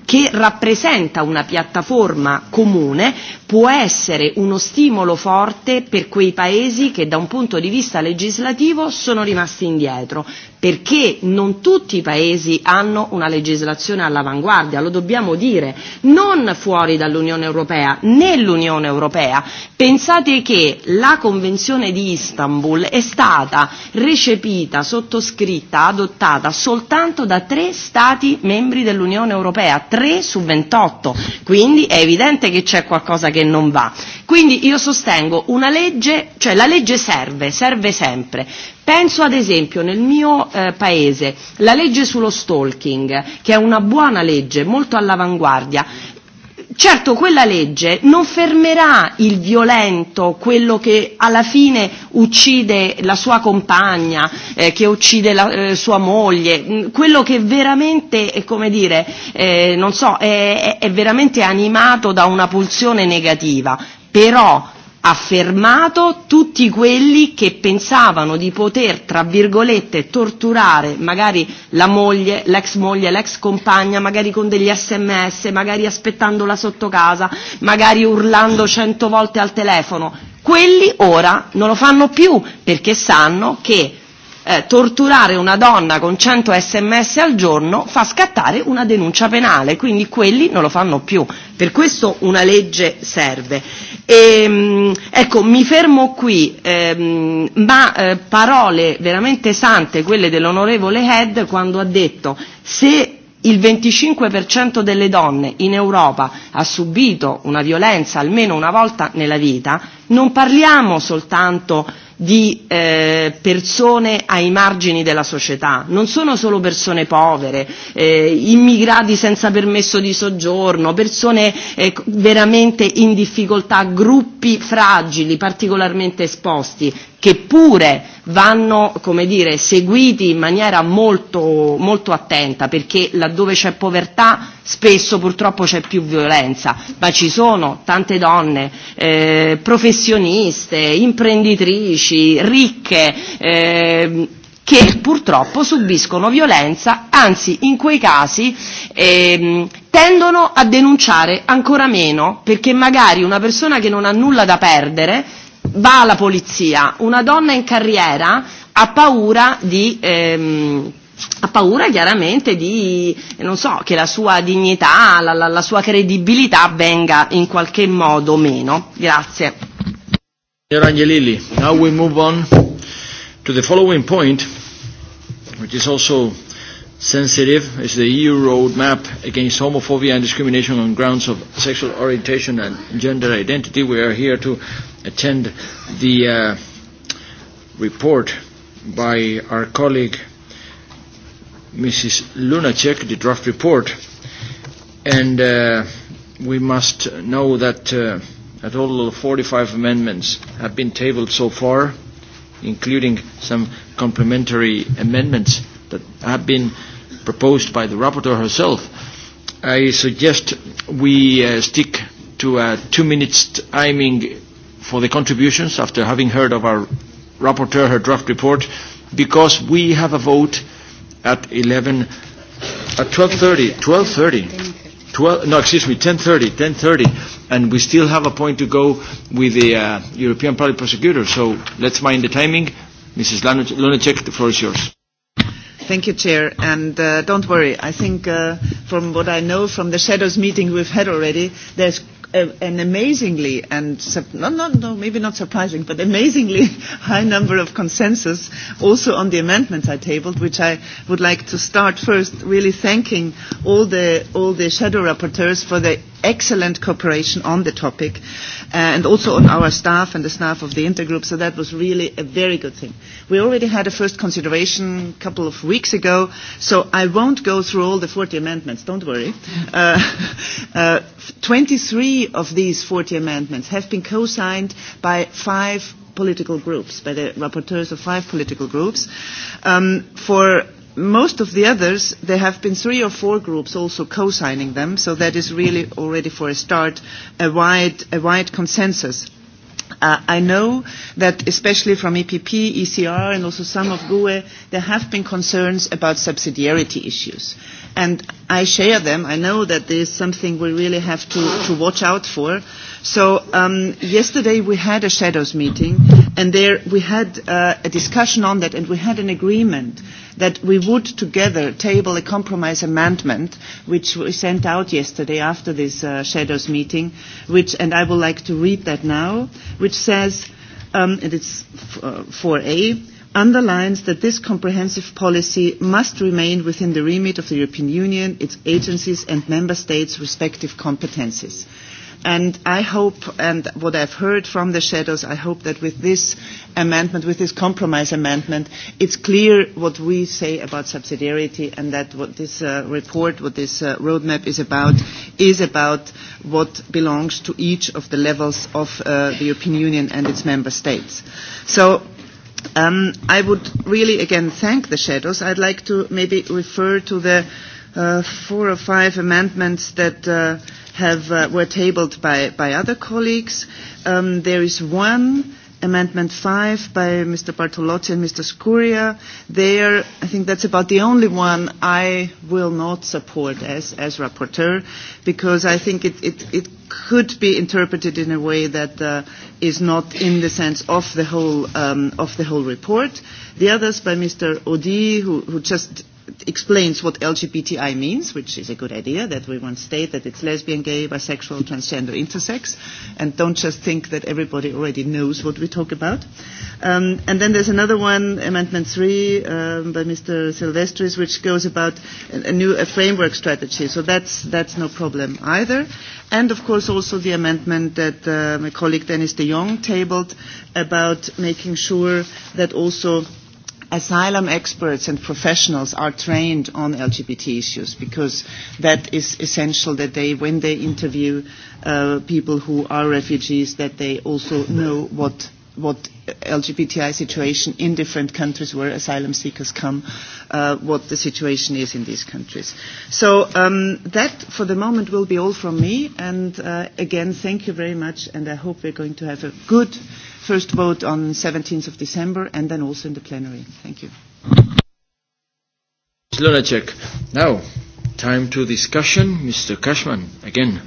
che rappresenta una piattaforma comune può essere uno stimolo forte per quei paesi che da un punto di vista legislativo sono rimasti indietro, perché non tutti i paesi hanno una legislazione all'avanguardia, lo dobbiamo dire, non fuori dall'Unione Europea, nell'Unione Europea. Pensate che la Convenzione di Istanbul è stata recepita, sottoscritta, adottata soltanto da tre Stati membri dell'Unione Europea, tre su 28, quindi è evidente che c'è qualcosa che che non va. Quindi io sostengo una legge, cioè la legge serve, serve sempre. Penso ad esempio nel mio eh, paese la legge sullo stalking, che è una buona legge, molto all'avanguardia, Certo, quella legge non fermerà il violento, quello che alla fine uccide la sua compagna, eh, che uccide la, eh, sua moglie, mh, mm, quello che veramente, è eh, come dire, eh, non so, è, è veramente animato da una pulsione negativa. Però affermato tutti quelli che pensavano di poter, tra virgolette, torturare magari la moglie, l'ex moglie, l'ex compagna, magari con degli sms, magari aspettandola sotto casa, magari urlando cento volte al telefono. Quelli ora non lo fanno più perché sanno che eh, torturare una donna con 100 sms al giorno fa scattare una denuncia penale, quindi quelli non lo fanno più. Per questo una legge serve. E, ecco, mi fermo qui, ehm, ma eh, parole veramente sante quelle dell'onorevole Head quando ha detto se il 25% delle donne in Europa ha subito una violenza almeno una volta nella vita, non parliamo soltanto di eh, persone ai margini della società, non sono solo persone povere, eh, immigrati senza permesso di soggiorno, persone eh, veramente in difficoltà, gruppi fragili, particolarmente esposti, che pure vanno come dire, seguiti in maniera molto, molto attenta perché laddove c'è povertà spesso purtroppo c'è più violenza, ma ci sono tante donne eh, professioniste, imprenditrici, ricche, eh, che purtroppo subiscono violenza, anzi in quei casi ehm, tendono a denunciare ancora meno perché magari una persona che non ha nulla da perdere va alla polizia, una donna in carriera ha paura di... Ehm, ha paura chiaramente di, non so, che la sua dignità, la, la, la sua credibilità venga in qualche modo meno. Grazie. Signor Angelilli, now we move on to the following point, which is also sensitive is the EU roadmap against homophobia and discrimination on grounds of sexual orientation and gender identity. We are here to attend the uh, report by our colleague Mrs. Lunacek, the draft report. And uh, we must know that uh, a total of 45 amendments have been tabled so far, including some complementary amendments that have been uh, proposed by the rapporteur herself, I suggest we uh, stick to a two-minute timing for the contributions after having heard of our rapporteur, her draft report, because we have a vote at 11, at 12.30, 12.30, 12, no, excuse me, 10.30, 10.30, and we still have a point to go with the uh, European Public Prosecutor, so let's mind the timing. Mrs. Lunacek, the floor is yours. Thank you, Chair. And uh, don't worry, I think uh, from what I know from the shadows meeting we've had already, there's a, an amazingly and no, no, no, maybe not surprising, but amazingly high number of consensus also on the amendments I tabled, which I would like to start first really thanking all the all the shadow rapporteurs for their excellent cooperation on the topic uh, and also on our staff and the staff of the intergroup. So that was really a very good thing. We already had a first consideration a couple of weeks ago, so I won't go through all the 40 amendments, don't worry. Uh, uh, 23 of these 40 amendments have been co-signed by five political groups, by the rapporteurs of five political groups. Um, for most of the others, there have been three or four groups also co-signing them, so that is really already for a start a wide, a wide consensus. Uh, I know that especially from EPP, ECR, and also some of GUE, there have been concerns about subsidiarity issues. And I share them. I know that this is something we really have to, to watch out for. So um, yesterday we had a shadows meeting, and there we had uh, a discussion on that, and we had an agreement uh, that we would together table a compromise amendment, which we sent out yesterday after this uh, shadows meeting, which, and I would like to read that now, which says, um, and it's f- uh, 4A, underlines that this comprehensive policy must remain within the remit of the European Union, its agencies and member states' respective competences. Mm-hmm And I hope, and what I've heard from the shadows, I hope that with this amendment, with this compromise amendment, it's clear what we say about subsidiarity and that what this uh, report, what this uh, roadmap is about, is about what belongs to each of the levels of uh, the European Union and its member states. So um, I would really again thank the shadows. I'd like to maybe refer to the uh, uh, four or five amendments that uh, have, uh, were tabled by, by other colleagues. Um, there is one Amendment 5 by Mr. Bartolotti and Mr. Scuria. There, I think that's about the only one I will not support as, as rapporteur because I think it, it, it could be interpreted in a way that uh, is not in the sense of the whole, um, of the whole report. The others by Mr. Odi, who, who just explains what LGBTI means, which is a good idea, that we want to state that it's lesbian, gay, bisexual, transgender, intersex, and don't just think that everybody already knows what we talk about. Um, and then there's another one, Amendment 3, um, by Mr. Silvestris, which goes about a, a new a framework strategy, so that's, that's no problem either. And, of course, also the amendment that uh, my colleague Dennis de Jong tabled about making sure that also asylum experts and professionals are trained on LGBT issues because that is essential that they, when they interview uh, people who are refugees, that they also know what what LGBTI situation in different countries where asylum seekers come, uh, what the situation is in these countries. So um, that, for the moment, will be all from me. And uh, again, thank you very much, and I hope we're going to have a good first vote on 17th of December and then also in the plenary. Thank you. Lunacek. Now, time to discussion. Mr. Cashman, again,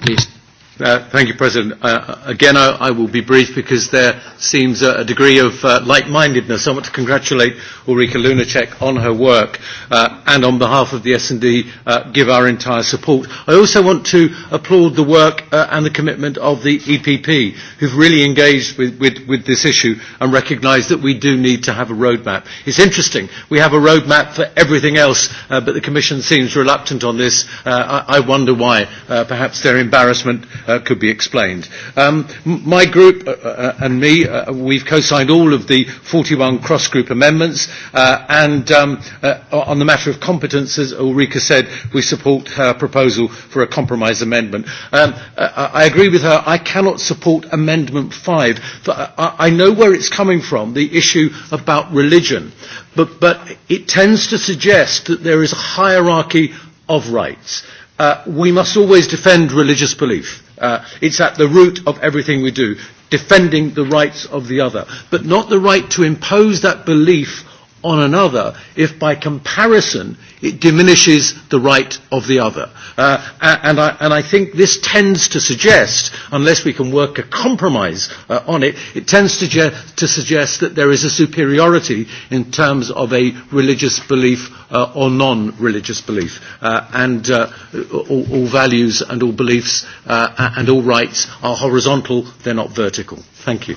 please. Uh, thank you, President. Uh, again, I, I will be brief because there seems a, a degree of uh, like-mindedness. I want to congratulate Ulrika Lunacek on her work uh, and on behalf of the S&D uh, give our entire support. I also want to applaud the work uh, and the commitment of the EPP who've really engaged with, with, with this issue and recognised that we do need to have a roadmap. It's interesting. We have a roadmap for everything else, uh, but the Commission seems reluctant on this. Uh, I, I wonder why. Uh, perhaps their embarrassment uh, could be explained. Um, my group uh, uh, and me, uh, we've co-signed all of the 41 cross-group amendments, uh, and um, uh, on the matter of competence, as Ulrika said, we support her proposal for a compromise amendment. Um, uh, I agree with her. I cannot support Amendment 5. For, uh, I know where it's coming from, the issue about religion, but, but it tends to suggest that there is a hierarchy of rights uh, we must always defend religious belief. Uh, it's at the root of everything we do, defending the rights of the other, but not the right to impose that belief on another if by comparison it diminishes the right of the other. Uh, and, I, and I think this tends to suggest, unless we can work a compromise uh, on it, it tends to, ge- to suggest that there is a superiority in terms of a religious belief uh, or non-religious belief. Uh, and uh, all, all values and all beliefs uh, and all rights are horizontal, they're not vertical. Thank you.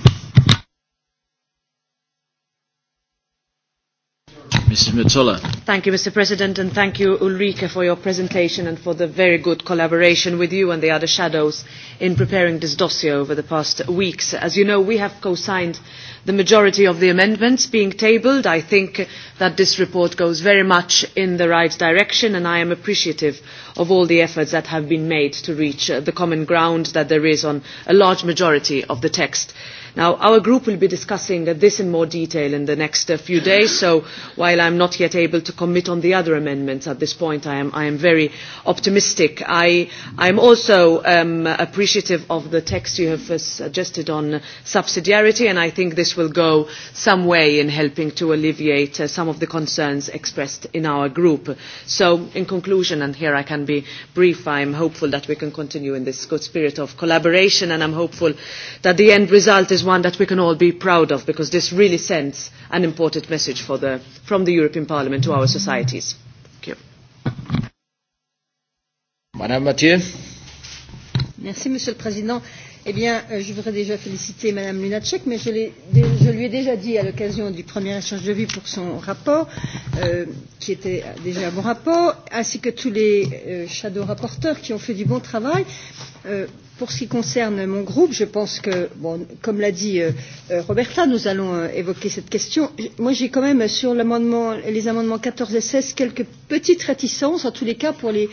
Mrs. Metzola. Thank you, Mr. President, and thank you, Ulrike, for your presentation and for the very good collaboration with you and the other shadows in preparing this dossier over the past weeks. As you know, we have co-signed the majority of the amendments being tabled. I think that this report goes very much in the right direction and I am appreciative of all the efforts that have been made to reach uh, the common ground that there is on a large majority of the text. Uh, Now, our group will be discussing uh, this in more detail in the next uh, few days, so while I'm not yet able to commit on the other amendments at this point, I am, I am very optimistic. I am also um, appreciative of the text you have uh, suggested on subsidiarity, and I think this will go some way in helping to alleviate uh, some of the concerns expressed in our group. So, in conclusion, and here I can be brief, I am hopeful that we can continue in this good spirit of collaboration, and I'm hopeful that the end result is one that we can all be proud of because this really sends an important message for the, from the European Parliament to our societies. Thank you. Madame Mathieu. Merci, Monsieur le Président. Eh bien, euh, je voudrais déjà féliciter Madame Lunacek, mais je, je lui ai déjà dit à l'occasion du premier échange de vues pour son rapport, euh, qui était déjà un bon rapport, ainsi que tous les euh, shadow rapporteurs qui ont fait du bon travail. Euh, Pour ce qui concerne mon groupe, je pense que, bon, comme l'a dit euh, euh Roberta, nous allons euh, évoquer cette question. Moi, j'ai quand même sur amendement, les amendements 14 et 16 quelques petites réticences, en tous les cas pour les,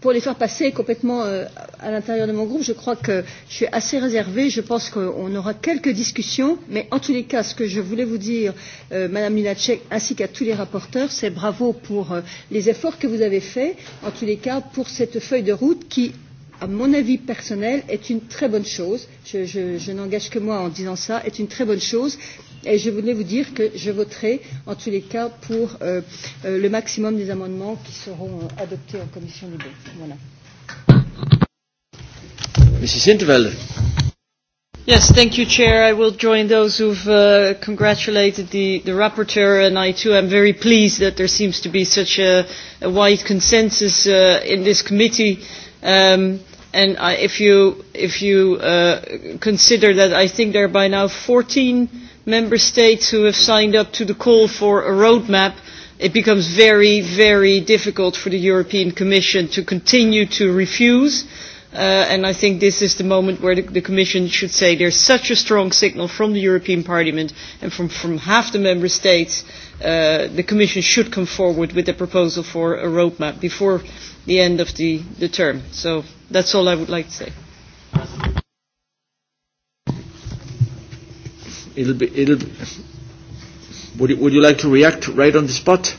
pour les faire passer complètement euh, à l'intérieur de mon groupe. Je crois que je suis assez réservée. Je pense qu'on aura quelques discussions, mais en tous les cas, ce que je voulais vous dire, euh, Madame Lunacek, ainsi qu'à tous les rapporteurs, c'est bravo pour euh, les efforts que vous avez faits, en tous les cas, pour cette feuille de route qui à mon avis personnel, est une très bonne chose. Je, je, je n'engage que moi en disant ça, est une très bonne chose. Et je voulais vous dire que je voterai en tous les cas pour euh, euh, le maximum des amendements qui seront euh, adoptés en commission des bons. Voilà. Mrs. Intervelde. Yes, thank you, Chair. I will join those who've uh, congratulated the, the rapporteur, and I too am very pleased that there seems to be such a, a wide consensus uh, in this committee. Um, And I, if you, if you uh, consider that I think there are by now 14 member states who have signed up to the call for a roadmap, it becomes very, very difficult for the European Commission to continue to refuse. Uh, and I think this is the moment where the, the Commission should say there's such a strong signal from the European Parliament and from, from half the member states, uh, the Commission should come forward with a proposal for a roadmap before the end of the, the term. So That's all I would like to say. It'll be, it'll, would, you, would you like to react right on the spot?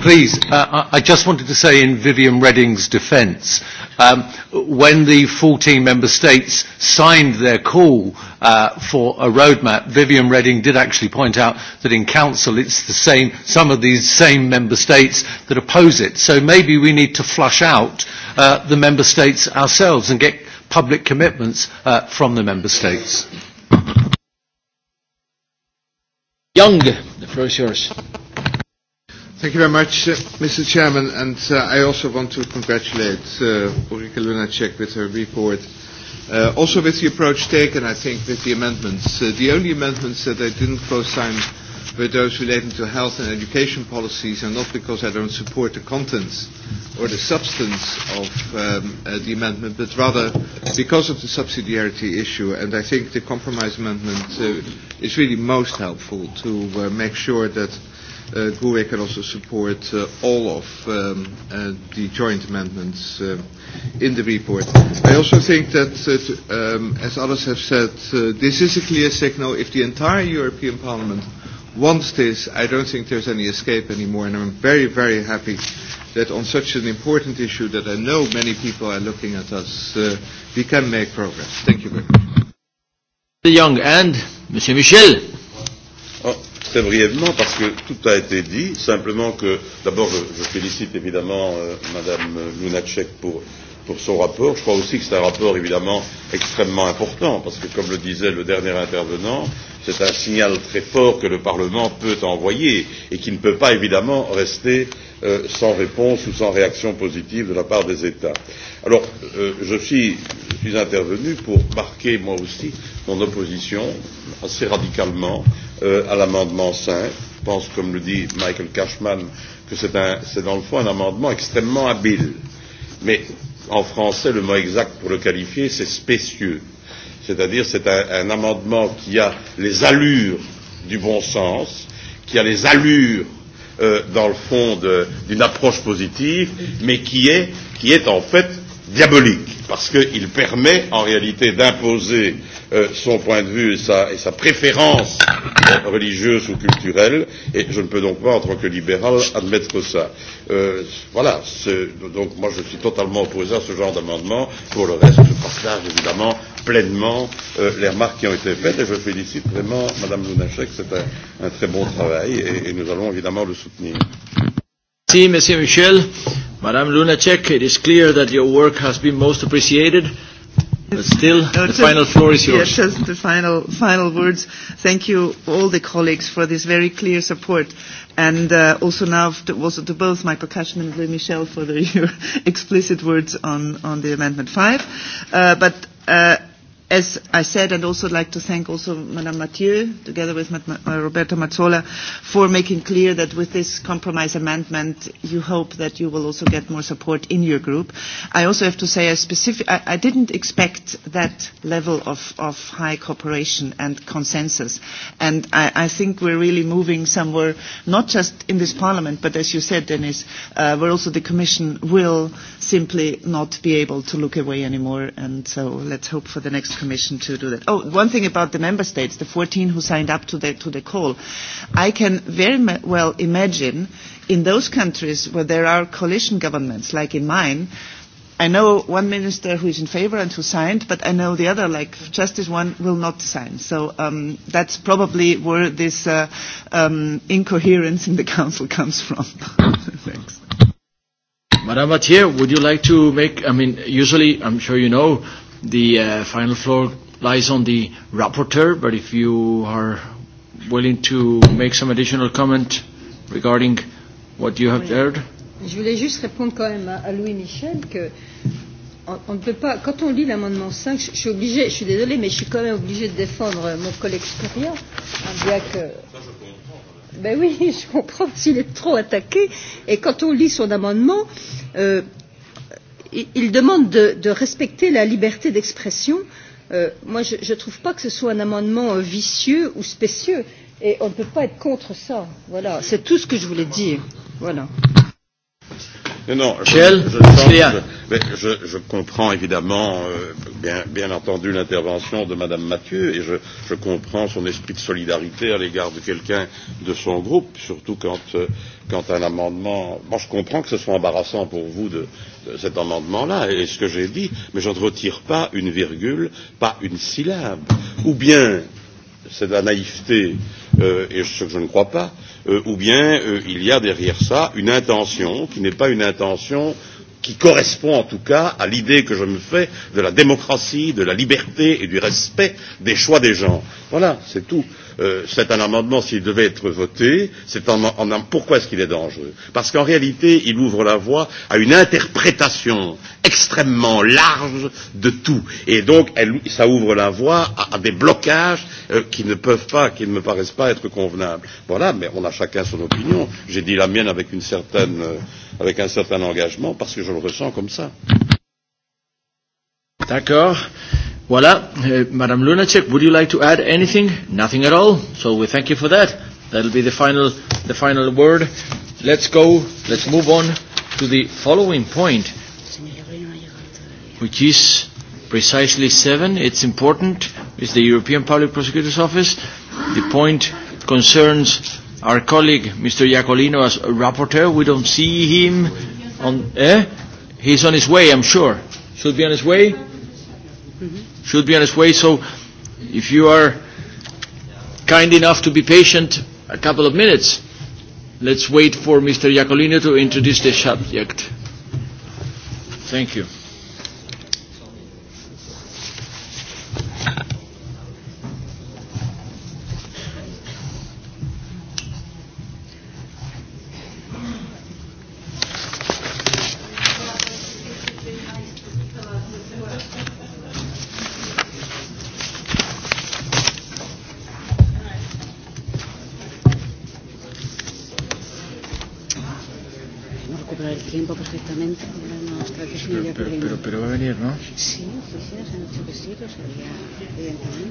Please, uh, uh, I just wanted to say in Vivian Redding's defence, um, when the 14 member states signed their call uh, for a roadmap, Vivian Redding did actually point out that in council it's the same, some of these same member states that oppose it. So maybe we need to flush out uh, the member states ourselves and get public commitments uh, from the member states. Young, the floor is yours. Thank you very much, uh, Mr. Chairman, and uh, I also want to congratulate uh, Ulrike Lunacek with her report. Uh, also with the approach taken, I think, with the amendments. Uh, the only amendments that I didn't co-sign were those relating to health and education policies, and not because I don't support the content or the substance of um, uh, the amendment, but rather because of the subsidiarity issue. And I think the compromise amendment uh, is really most helpful to uh, make sure that uh, GUE can also support uh, all of um, uh, the joint amendments uh, in the report. I also think that, uh, um, as others have said, uh, this is a clear signal. If the entire European Parliament wants this, I don't think there's any escape anymore, and I'm very, very happy that on such an important issue that I know many people are looking at us, uh, we can make progress. Thank you very much. Mr. Young and Mr. Michel très brièvement parce que tout a été dit. Simplement que, d'abord, je, je félicite évidemment euh, Madame Lunacek pour, pour son rapport. Je crois aussi que c'est un rapport évidemment extrêmement important parce que, comme le disait le dernier intervenant, c'est un signal très fort que le Parlement peut envoyer et qui ne peut pas évidemment rester euh, euh, sans réponse ou sans réaction positive de la part des États. Alors, euh, je, suis, je suis intervenu pour marquer moi aussi mon opposition assez radicalement euh, à l'amendement 5. Je pense, comme le dit Michael Cashman, que c'est, un, c'est dans le fond un amendement extrêmement habile. Mais en français, le mot exact pour le qualifier, c'est spécieux. C'est-à-dire, c'est un, un amendement qui a les allures du bon sens, qui a les allures euh, dans le fond d'une approche positive, mais qui est, qui est en fait euh, diabolique, parce qu'il permet en réalité d'imposer euh, son point de vue et sa, et sa préférence euh, religieuse ou culturelle, et je ne peux donc pas, en tant que libéral, admettre ça. Euh, voilà, donc moi je suis totalement opposé à ce genre d'amendement. Pour le reste, je partage évidemment pleinement euh, les remarques qui ont été faites, et je félicite vraiment Madame Lunacek, c'est un, un très bon travail, et, et nous allons évidemment le soutenir. Merci, Monsieur Michel. Madame Lunacek, it is clear that your work has been most appreciated. But still, no, the just, final floor is yours. Yeah, just the final, final words. Thank you, all the colleagues, for this very clear support. And uh, also now to, also to both Michael Cashman and Louis Michel for the, your explicit words on, on the Amendment 5. Uh, but uh, as I said, I'd also like to thank also Madame Mathieu, together with Roberto Mazzola, for making clear that with this compromise amendment, you hope that you will also get more support in your group. I also have to say, I, specific, I, I didn't expect that level of, of high cooperation and consensus. And I, I think we're really moving somewhere, not just in this parliament, but as you said, Dennis, uh, where also the Commission will simply not be able to look away anymore. And so let's hope for the next Commission to do that. Oh, one thing about the member states, the 14 who signed up to the, to the call. I can very ma- well imagine in those countries where there are coalition governments, like in mine, I know one minister who is in favor and who signed, but I know the other, like Justice one, will not sign. So um, that's probably where this uh, um, incoherence in the Council comes from. Thanks. Madame Mathieu, would you like to make, I mean, usually, I'm sure you know, The uh, final floor lies on the rapporteur, but if you are willing to make some additional comment regarding what you have oui. heard. Je voulais juste répondre quand même à, à Louis Michel que on, on ne peut pas. Quand on lit l'amendement 5, je, je suis obligée, je suis désolée, mais je suis quand même obligée de défendre mon collègue Spurian, bien que. Ça, ben oui, je comprends s'il est trop attaqué. Et quand on lit son amendement, euh, il demande de, de respecter la liberté d'expression. Euh, moi, je ne trouve pas que ce soit un amendement euh, vicieux ou spécieux, et on ne peut pas être contre ça. Voilà, c'est tout ce que je voulais dire. Voilà. Non, non, Michel, je, je, sens, je, je, je comprends évidemment, euh, bien, bien entendu, l'intervention de Madame Mathieu et je, je comprends son esprit de solidarité à l'égard de quelqu'un de son groupe, surtout quand, euh, quand un amendement. Moi, je comprends que ce soit embarrassant pour vous de, cet amendement-là et ce que j'ai dit, mais je ne retire pas une virgule, pas une syllabe. Ou bien, c'est de la naïveté, euh, et ce que je ne crois pas, euh, ou bien euh, il y a derrière ça une intention qui n'est pas une intention qui correspond en tout cas à l'idée que je me fais de la démocratie, de la liberté et du respect des choix des gens. Voilà, c'est tout. Euh, euh, c'est un amendement, s'il devait être voté, c'est un, un, pourquoi est-ce qu'il est dangereux Parce qu'en réalité, il ouvre la voie à une interprétation extrêmement large de tout. Et donc, elle, ça ouvre la voie à, à des blocages euh, qui ne peuvent pas, qui ne me paraissent pas être convenables. Voilà, mais on a chacun son opinion. J'ai dit la mienne avec, une certaine, euh, avec un certain engagement parce que je le ressens comme ça. D'accord. Voilà. Uh, Madam Lunacek, would you like to add anything? Nothing at all. So we thank you for that. That'll be the final, the final word. Let's go, let's move on to the following point, which is precisely seven. It's important. It's the European Public Prosecutor's Office. The point concerns our colleague, Mr. Iacolino, as a rapporteur. We don't see him. On, eh? He's on his way, I'm sure. Should be on his way. Mm-hmm should be on its way. So if you are kind enough to be patient a couple of minutes, let's wait for Mr. Iacolino to introduce the subject. Thank you. oficinas han hecho que sí, Rosalía, evidentemente.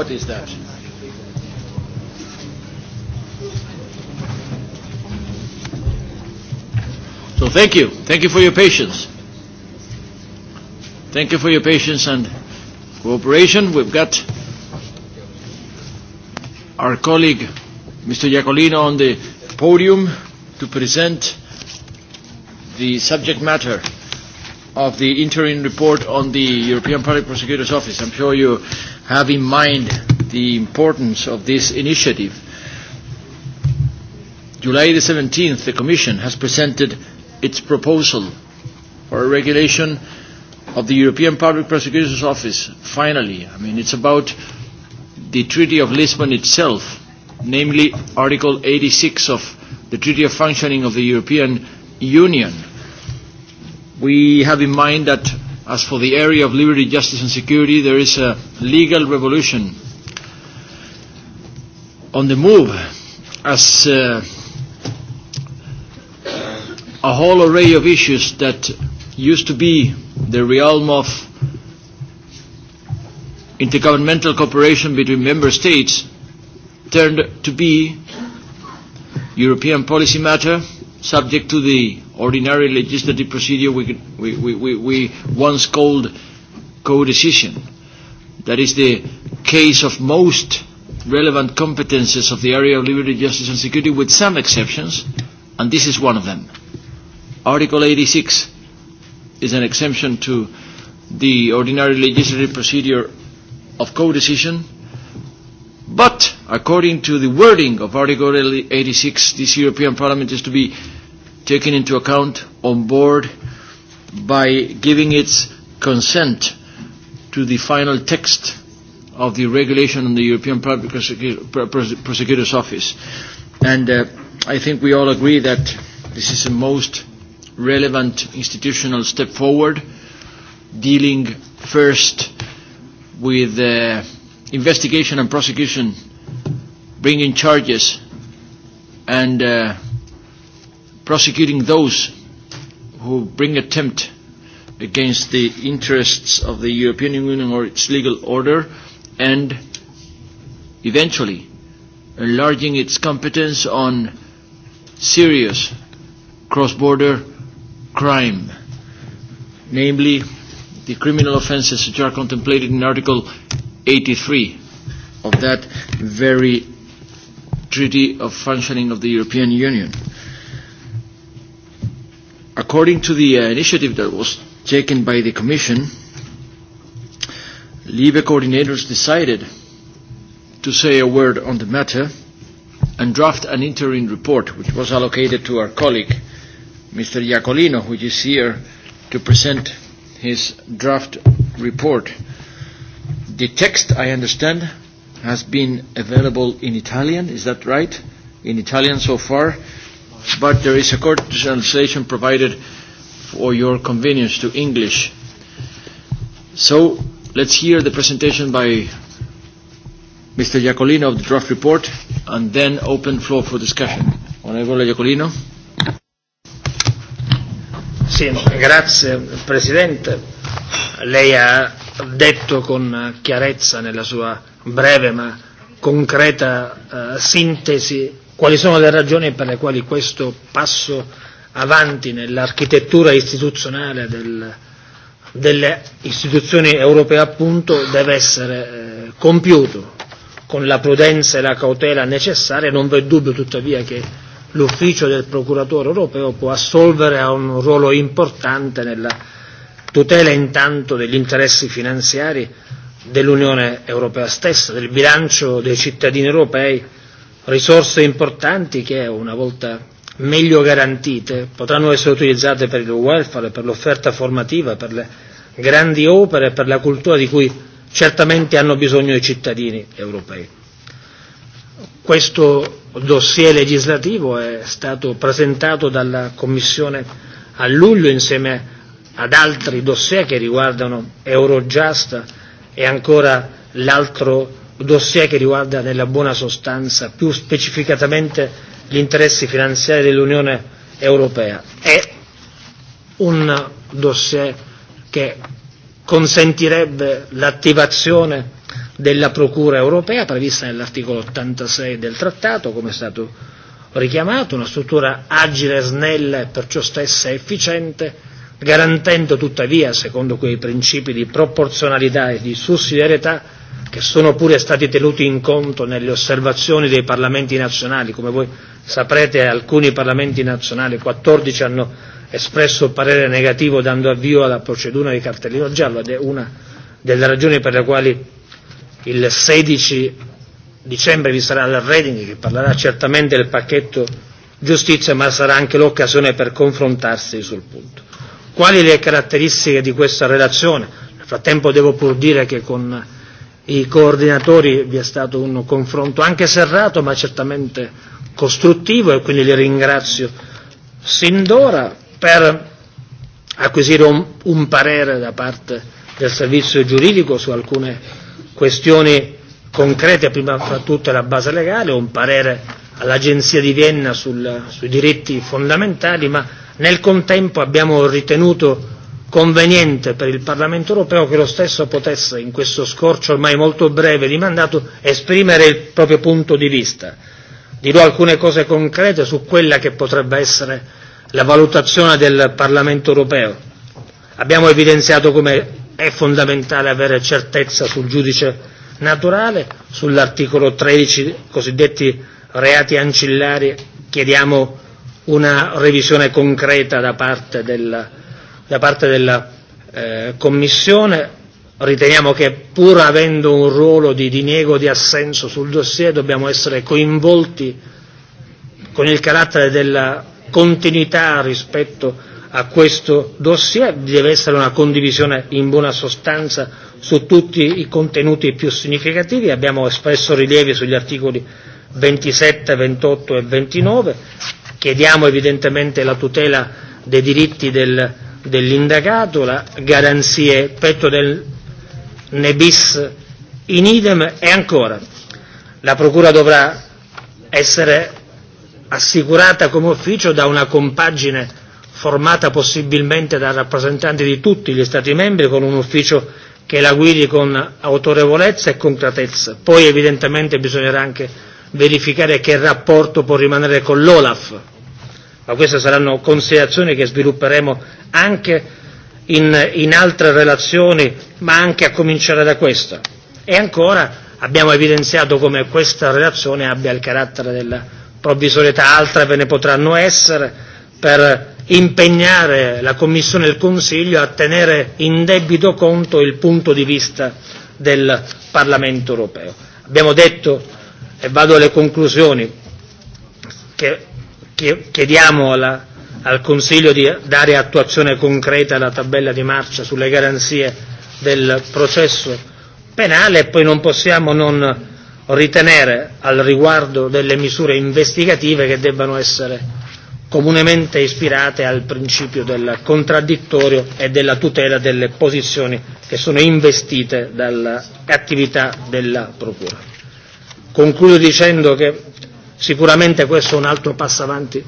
What is that? So thank you. Thank you for your patience. Thank you for your patience and cooperation. We've got our colleague, Mr. Iacolino, on the podium to present the subject matter of the interim report on the European Public Prosecutor's Office. I'm sure you have in mind the importance of this initiative. July the 17th, the Commission has presented its proposal for a regulation of the European Public Prosecutor's Office, finally. I mean, it's about the Treaty of Lisbon itself, namely Article 86 of the Treaty of Functioning of the European Union. We have in mind that as for the area of liberty, justice and security, there is a legal revolution on the move as uh, a whole array of issues that used to be the realm of intergovernmental cooperation between member states turned to be European policy matter, subject to the ordinary legislative procedure we, could, we, we, we, we once called co-decision. That is the case of most relevant competences of the area of liberty, justice and security with some exceptions, and this is one of them. Article 86 is an exemption to the ordinary legislative procedure of co-decision But according to the wording of Article 86, this European Parliament is to be taken into account on board by giving its consent to the final text of the regulation on the European Public Prosecutor's Office. And uh, I think we all agree that this is the most relevant institutional step forward, dealing first with uh, investigation and prosecution, bringing charges and uh, prosecuting those who bring attempt against the interests of the European Union or its legal order and eventually enlarging its competence on serious cross-border crime, namely the criminal offences which are contemplated in Article 83 of that very Treaty of Functioning of the European Union. According to the uh, initiative that was taken by the Commission, Libe coordinators decided to say a word on the matter and draft an interim report, which was allocated to our colleague, Mr. Iacolino, who is here to present his draft report. Uh, The text, I understand, has been available in Italian, is that right? In Italian so far, but there is a court translation provided for your convenience to English. So let's hear the presentation by Mr. Iacolino of the draft report and then open floor for discussion. Onorevole Iacolino. Sì, grazie Presidente. Lei ha detto con eh, chiarezza nella sua breve ma concreta eh, sintesi quali sono le ragioni per le quali questo passo avanti nell'architettura istituzionale del, delle istituzioni europee appunto deve essere eh, compiuto con la prudenza e la cautela necessarie, non v'è dubbio tuttavia che l'ufficio del procuratore europeo può assolvere a un ruolo importante nella tutela intanto degli interessi finanziari dell'Unione Europea stessa, del bilancio dei cittadini europei, risorse importanti che, una volta meglio garantite, potranno essere utilizzate per il welfare, per l'offerta formativa, per le grandi opere, per la cultura di cui certamente hanno bisogno i cittadini europei. Questo dossier legislativo è stato presentato dalla Commissione a luglio insieme ad altri dossier che riguardano Eurojust e ancora l'altro dossier che riguarda nella buona sostanza più specificatamente gli interessi finanziari dell'Unione Europea. È un dossier che consentirebbe l'attivazione della Procura europea prevista nell'articolo 86 del Trattato, come è stato richiamato, una struttura agile, snella e perciò stessa e efficiente garantendo tuttavia, secondo quei principi di proporzionalità e di sussidiarietà, che sono pure stati tenuti in conto nelle osservazioni dei parlamenti nazionali, come voi saprete alcuni parlamenti nazionali, 14 hanno espresso parere negativo dando avvio alla procedura di cartellino giallo ed è una delle ragioni per le quali il 16 dicembre vi sarà la Reding che parlerà certamente del pacchetto giustizia ma sarà anche l'occasione per confrontarsi sul punto. Quali le caratteristiche di questa relazione? Nel frattempo devo pur dire che con i coordinatori vi è stato un confronto anche serrato ma certamente costruttivo e quindi li ringrazio sin d'ora per acquisire un, un parere da parte del servizio giuridico su alcune questioni concrete, prima fra tutte la base legale, un parere all'Agenzia di Vienna sul, sui diritti fondamentali, ma Nel contempo abbiamo ritenuto conveniente per il Parlamento europeo che lo stesso potesse, in questo scorcio ormai molto breve di mandato, esprimere il proprio punto di vista. Dirò alcune cose concrete su quella che potrebbe essere la valutazione del Parlamento europeo. Abbiamo evidenziato come è fondamentale avere certezza sul giudice naturale, sull'articolo 13, cosiddetti reati ancillari, chiediamo una revisione concreta da parte della, da parte della eh, Commissione. Riteniamo che pur avendo un ruolo di diniego di assenso sul dossier dobbiamo essere coinvolti con il carattere della continuità rispetto a questo dossier, deve essere una condivisione in buona sostanza su tutti i contenuti più significativi, abbiamo espresso rilievi sugli articoli 27, 28 e 29, Chiediamo evidentemente la tutela dei diritti del, dell'indagato, la garanzie petto del nebis in idem e ancora la Procura dovrà essere assicurata come ufficio da una compagine formata possibilmente da rappresentanti di tutti gli Stati membri con un ufficio che la guidi con autorevolezza e concretezza. Poi evidentemente bisognerà anche verificare che rapporto può rimanere con l'Olaf, ma queste saranno considerazioni che svilupperemo anche in, in altre relazioni, ma anche a cominciare da questa. E ancora abbiamo evidenziato come questa relazione abbia il carattere della provvisorietà, altre ve ne potranno essere per impegnare la Commissione e il Consiglio a tenere in debito conto il punto di vista del Parlamento europeo. Abbiamo detto e vado alle conclusioni che, che chiediamo alla, al Consiglio di dare attuazione concreta alla tabella di marcia sulle garanzie del processo penale e poi non possiamo non ritenere al riguardo delle misure investigative che debbano essere comunemente ispirate al principio del contraddittorio e della tutela delle posizioni che sono investite dall'attività della Procura. Concludo dicendo che sicuramente questo è un altro passo avanti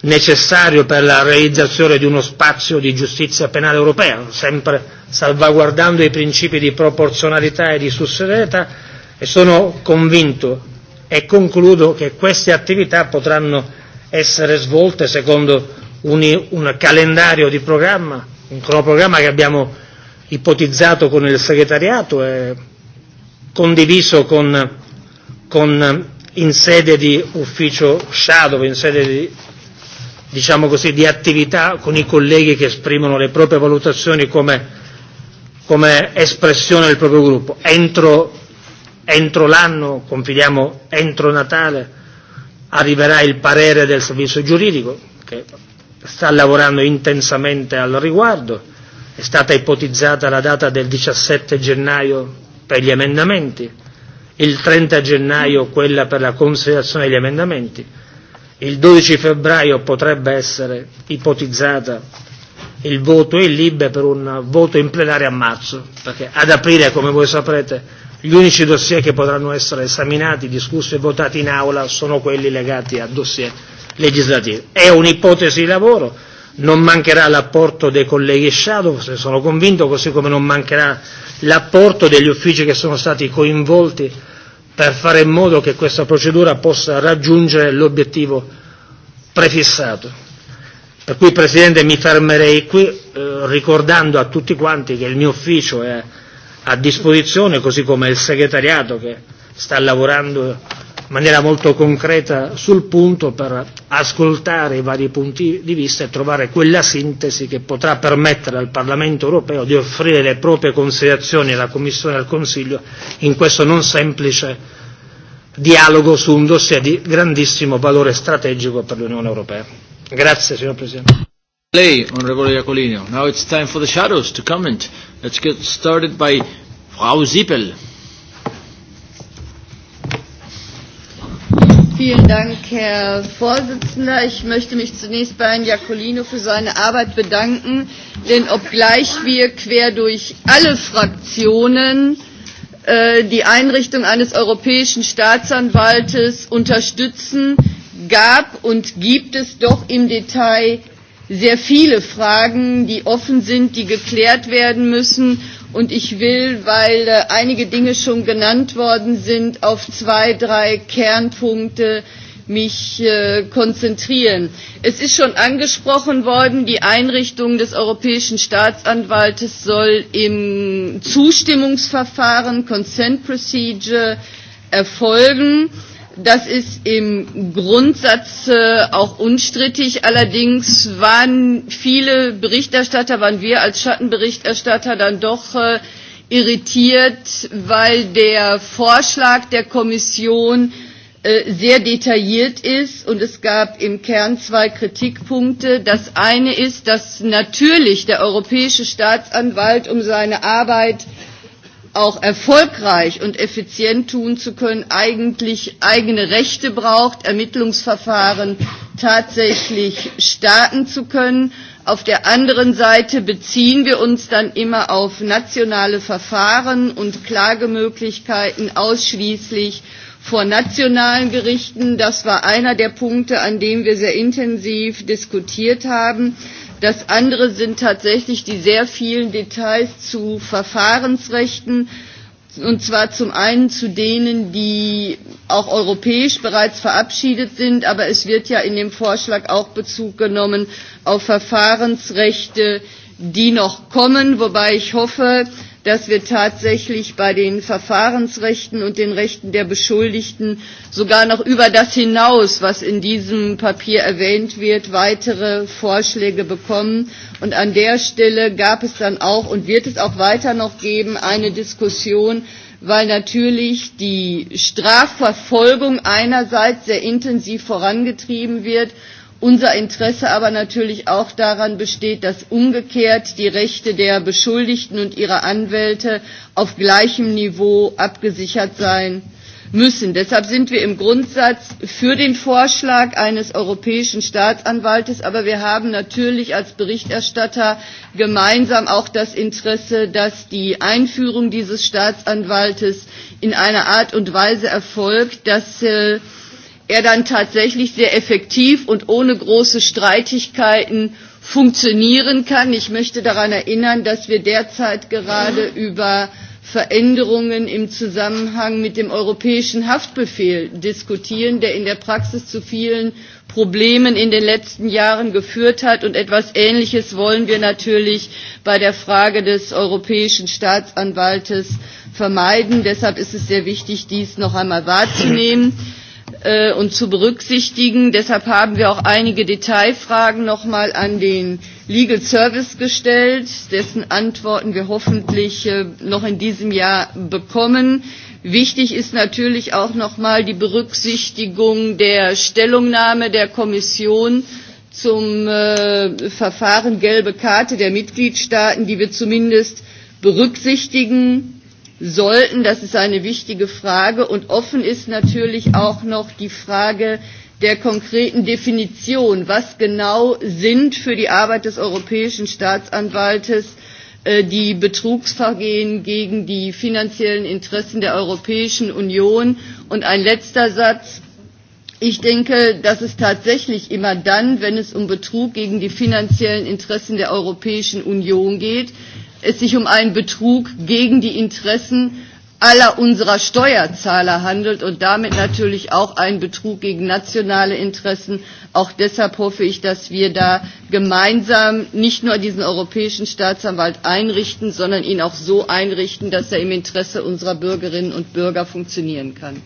necessario per la realizzazione di uno spazio di giustizia penale europea, sempre salvaguardando i principi di proporzionalità e di sussidiarietà e sono convinto e concludo che queste attività potranno essere svolte secondo un, un calendario di programma, un cronoprogramma che abbiamo ipotizzato con il segretariato e condiviso con con, eh, in sede di ufficio shadow, in sede di, diciamo così, di attività con i colleghi che esprimono le proprie valutazioni come, come espressione del proprio gruppo. Entro, entro l'anno, confidiamo entro Natale, arriverà il parere del servizio giuridico che sta lavorando intensamente al riguardo. È stata ipotizzata la data del 17 gennaio per gli emendamenti il 30 gennaio quella per la considerazione degli emendamenti, il 12 febbraio potrebbe essere ipotizzata il voto in Libia per un voto in plenaria a marzo, perché ad aprile, come voi saprete, gli unici dossier che potranno essere esaminati, discussi e votati in aula sono quelli legati a dossier legislativi. È un'ipotesi di lavoro, non mancherà l'apporto dei colleghi Shadow, ne sono convinto, così come non mancherà l'apporto degli uffici che sono stati coinvolti per fare in modo che questa procedura possa raggiungere l'obiettivo prefissato. Per cui Presidente mi fermerei qui eh, ricordando a tutti quanti che il mio ufficio è a disposizione, così come il segretariato che sta lavorando maniera molto concreta sul punto per ascoltare i vari punti di vista e trovare quella sintesi che potrà permettere al Parlamento europeo di offrire le proprie considerazioni alla Commissione e al Consiglio in questo non semplice dialogo su un dossier di grandissimo valore strategico per l'Unione Europea. Grazie signor Presidente. Lei, onorevole Iacolino. Now it's time for the shadows to comment. Let's get started by Frau Siepel. Vielen Dank, Herr Vorsitzender. Ich möchte mich zunächst bei Herrn Jacolino für seine Arbeit bedanken, denn obgleich wir quer durch alle Fraktionen äh, die Einrichtung eines europäischen Staatsanwaltes unterstützen, gab und gibt es doch im Detail sehr viele Fragen, die offen sind, die geklärt werden müssen. Und ich will, weil äh, einige Dinge schon genannt worden sind, auf zwei, drei Kernpunkte mich äh, konzentrieren. Es ist schon angesprochen worden, die Einrichtung des Europäischen Staatsanwaltes soll im Zustimmungsverfahren, Consent Procedure, erfolgen. Äh, Das ist im Grundsatz äh, auch unstrittig. Allerdings waren viele Berichterstatter, waren wir als Schattenberichterstatter dann doch äh, irritiert, weil der Vorschlag der Kommission äh, sehr detailliert ist und es gab im Kern zwei Kritikpunkte. Das eine ist, dass natürlich der europäische Staatsanwalt um seine Arbeit äh, auch erfolgreich und effizient tun zu können, eigentlich eigene Rechte braucht, Ermittlungsverfahren tatsächlich starten zu können. Auf der anderen Seite beziehen wir uns dann immer auf nationale Verfahren und Klagemöglichkeiten ausschließlich vor nationalen Gerichten. Das war einer der Punkte, an dem wir sehr intensiv diskutiert haben. Das andere sind tatsächlich die sehr vielen Details zu Verfahrensrechten, und zwar zum einen zu denen, die auch europäisch bereits verabschiedet sind, aber es wird ja in dem Vorschlag auch Bezug genommen auf Verfahrensrechte, die noch kommen, wobei ich hoffe, dass wir tatsächlich bei den Verfahrensrechten und den Rechten der Beschuldigten sogar noch über das hinaus, was in diesem Papier erwähnt wird, weitere Vorschläge bekommen. Und an der Stelle gab es dann auch und wird es auch weiter noch geben eine Diskussion, weil natürlich die Strafverfolgung einerseits sehr intensiv vorangetrieben wird Unser Interesse aber natürlich auch daran besteht, dass umgekehrt die Rechte der Beschuldigten und ihrer Anwälte auf gleichem Niveau abgesichert sein müssen. Deshalb sind wir im Grundsatz für den Vorschlag eines europäischen Staatsanwaltes, aber wir haben natürlich als Berichterstatter gemeinsam auch das Interesse, dass die Einführung dieses Staatsanwaltes in einer Art und Weise erfolgt, dass äh, er dann tatsächlich sehr effektiv und ohne große Streitigkeiten funktionieren kann. Ich möchte daran erinnern, dass wir derzeit gerade über Veränderungen im Zusammenhang mit dem europäischen Haftbefehl diskutieren, der in der Praxis zu vielen Problemen in den letzten Jahren geführt hat. Und etwas Ähnliches wollen wir natürlich bei der Frage des europäischen Staatsanwaltes vermeiden. Deshalb ist es sehr wichtig, dies noch einmal wahrzunehmen äh, und zu berücksichtigen. Deshalb haben wir auch einige Detailfragen nochmal an den Legal Service gestellt, dessen Antworten wir hoffentlich äh, noch in diesem Jahr bekommen. Wichtig ist natürlich auch nochmal die Berücksichtigung der Stellungnahme der Kommission zum äh, Verfahren gelbe Karte der Mitgliedstaaten, die wir zumindest berücksichtigen sollten. Das ist eine wichtige Frage. Und offen ist natürlich auch noch die Frage der konkreten Definition. Was genau sind für die Arbeit des europäischen Staatsanwaltes äh, die Betrugsvergehen gegen die finanziellen Interessen der Europäischen Union? Und ein letzter Satz. Ich denke, dass es tatsächlich immer dann, wenn es um Betrug gegen die finanziellen Interessen der Europäischen Union geht, es sich um einen Betrug gegen die Interessen aller unserer Steuerzahler handelt und damit natürlich auch ein Betrug gegen nationale Interessen. Auch deshalb hoffe ich, dass wir da gemeinsam nicht nur diesen europäischen Staatsanwalt einrichten, sondern ihn auch so einrichten, dass er im Interesse unserer Bürgerinnen und Bürger funktionieren kann.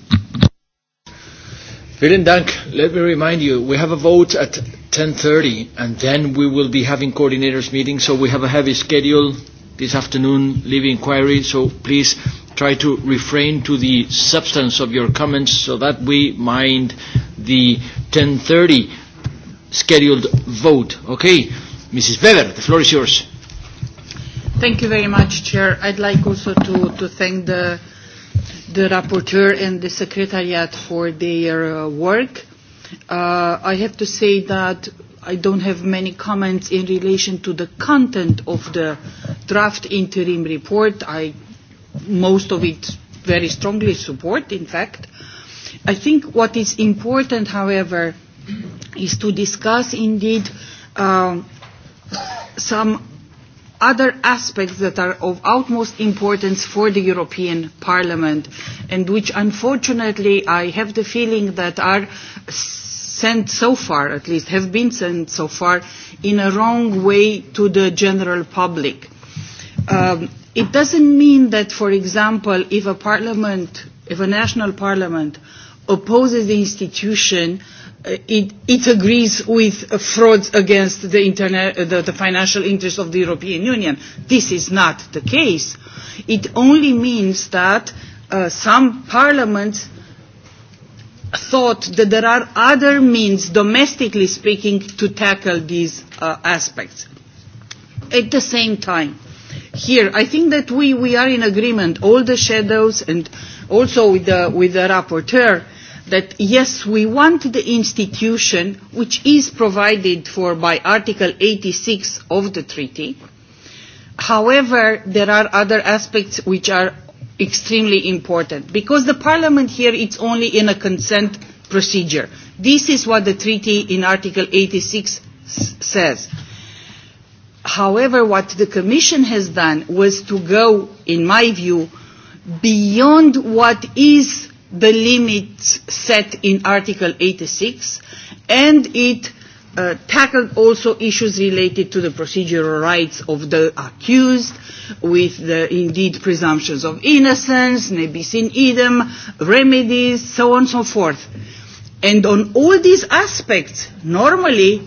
Vielen Dank. Let me remind you, we have a vote at 10.30 and then we will be having coordinators meeting, so we have a heavy schedule this afternoon live inquiry, so please try to refrain to the substance of your comments so that we mind the 10.30 scheduled vote. Okay, Mrs. Weber, the floor is yours. Thank you very much, Chair. I'd like also to, to thank the, the rapporteur and the secretariat for their uh, work. Uh, I have to say that I don't have many comments in relation to the content of the draft interim report. I, most of it very strongly support, in fact. I think what is important, however, is to discuss indeed um, some other aspects that are of utmost importance for the European Parliament and which unfortunately I have the feeling that are sent so far, at least have been sent so far, in a wrong way to the general public. Um, it doesn't mean that, for example, if a parliament, if a national parliament opposes the institution, uh, it, it agrees with uh, frauds against the, internet, uh, the, the financial interests of the European Union. This is not the case. It only means that uh, some parliaments thought that there are other means, domestically speaking, to tackle these uh, aspects. At the same time, here. I think that we, we are in agreement, all the shadows and also with the, with the rapporteur, that yes, we want the institution which is provided for by Article 86 of the treaty. However, there are other aspects which are extremely important because the parliament here is only in a consent procedure. This is what the treaty in Article 86 s- says However, what the Commission has done was to go, in my view, beyond what is the limit set in Article 86, and it uh, tackled also issues related to the procedural rights of the accused, with the indeed presumptions of innocence, nebis in idem, remedies, so on and so forth. And on all these aspects, normally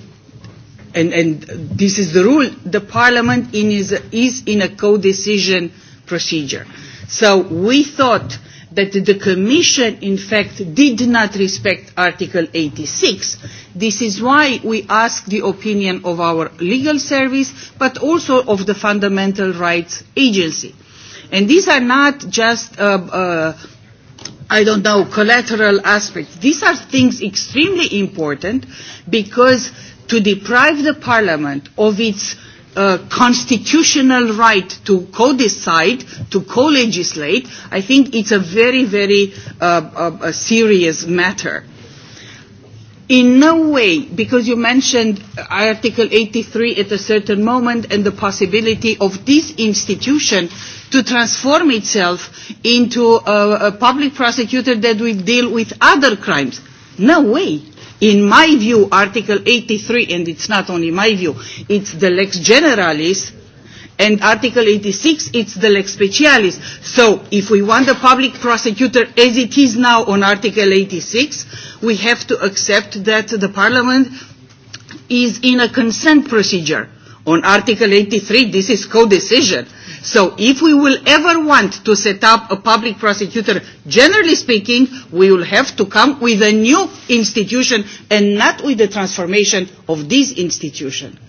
and, and this is the rule, the parliament in is, is in a co-decision procedure. So we thought that the commission, in fact, did not respect Article 86. This is why we asked the opinion of our legal service, but also of the Fundamental Rights Agency. And these are not just uh, uh, I don't know, collateral aspects. These are things extremely important because to deprive the parliament of its uh, constitutional right to co-decide, to co-legislate, I think it's a very, very uh, uh, a serious matter. In no way, because you mentioned Article 83 at a certain moment and the possibility of this institution to transform itself into a, a public prosecutor that will deal with other crimes. No way in my view, Article 83, and it's not only my view, it's the lex generalis, and Article 86, it's the lex specialis. So if we want the public prosecutor as it is now on Article 86, we have to accept that the Parliament is in a consent procedure. On Article 83, this is co-decision. So if we will ever want to set up a public prosecutor, generally speaking, we will have to come with a new institution and not with the transformation of this institution.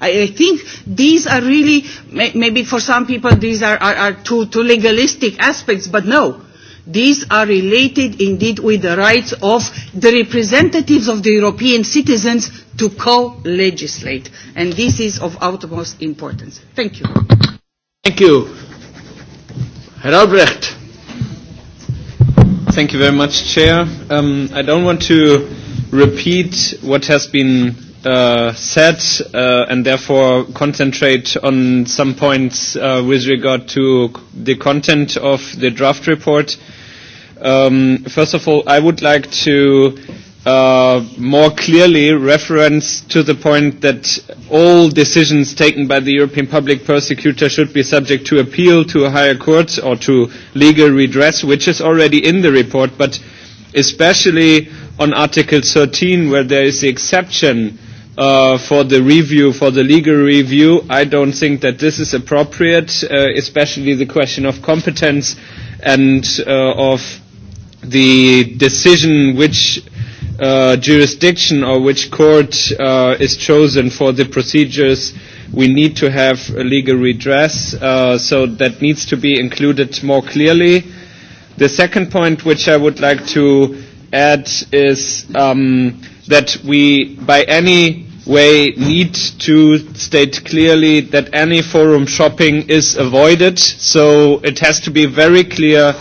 I, I think these are really, may, maybe for some people these are, are, are too, too legalistic aspects, but no. These are related indeed with the rights of the representatives of the European citizens to co-legislate. And this is of utmost importance. Thank you. Thank you. Herr Albrecht. Thank you very much, Chair. Um, I don't want to repeat what has been uh, said uh, and therefore concentrate on some points uh, with regard to the content of the draft report. Um, first of all, I would like to uh, uh, more clearly reference to the point that all decisions taken by the European public prosecutor should be subject to appeal to a higher court or to legal redress, which is already in the report, but especially on Article 13, where there is the exception uh, for the review, for the legal review, I don't think that this is appropriate, uh, especially the question of competence and uh, of the decision which uh, jurisdiction or which court uh, is chosen for the procedures, we need to have a legal redress. Uh, so that needs to be included more clearly. The second point which I would like to add is um, that we, by any way, need to state clearly that any forum shopping is avoided. So it has to be very clear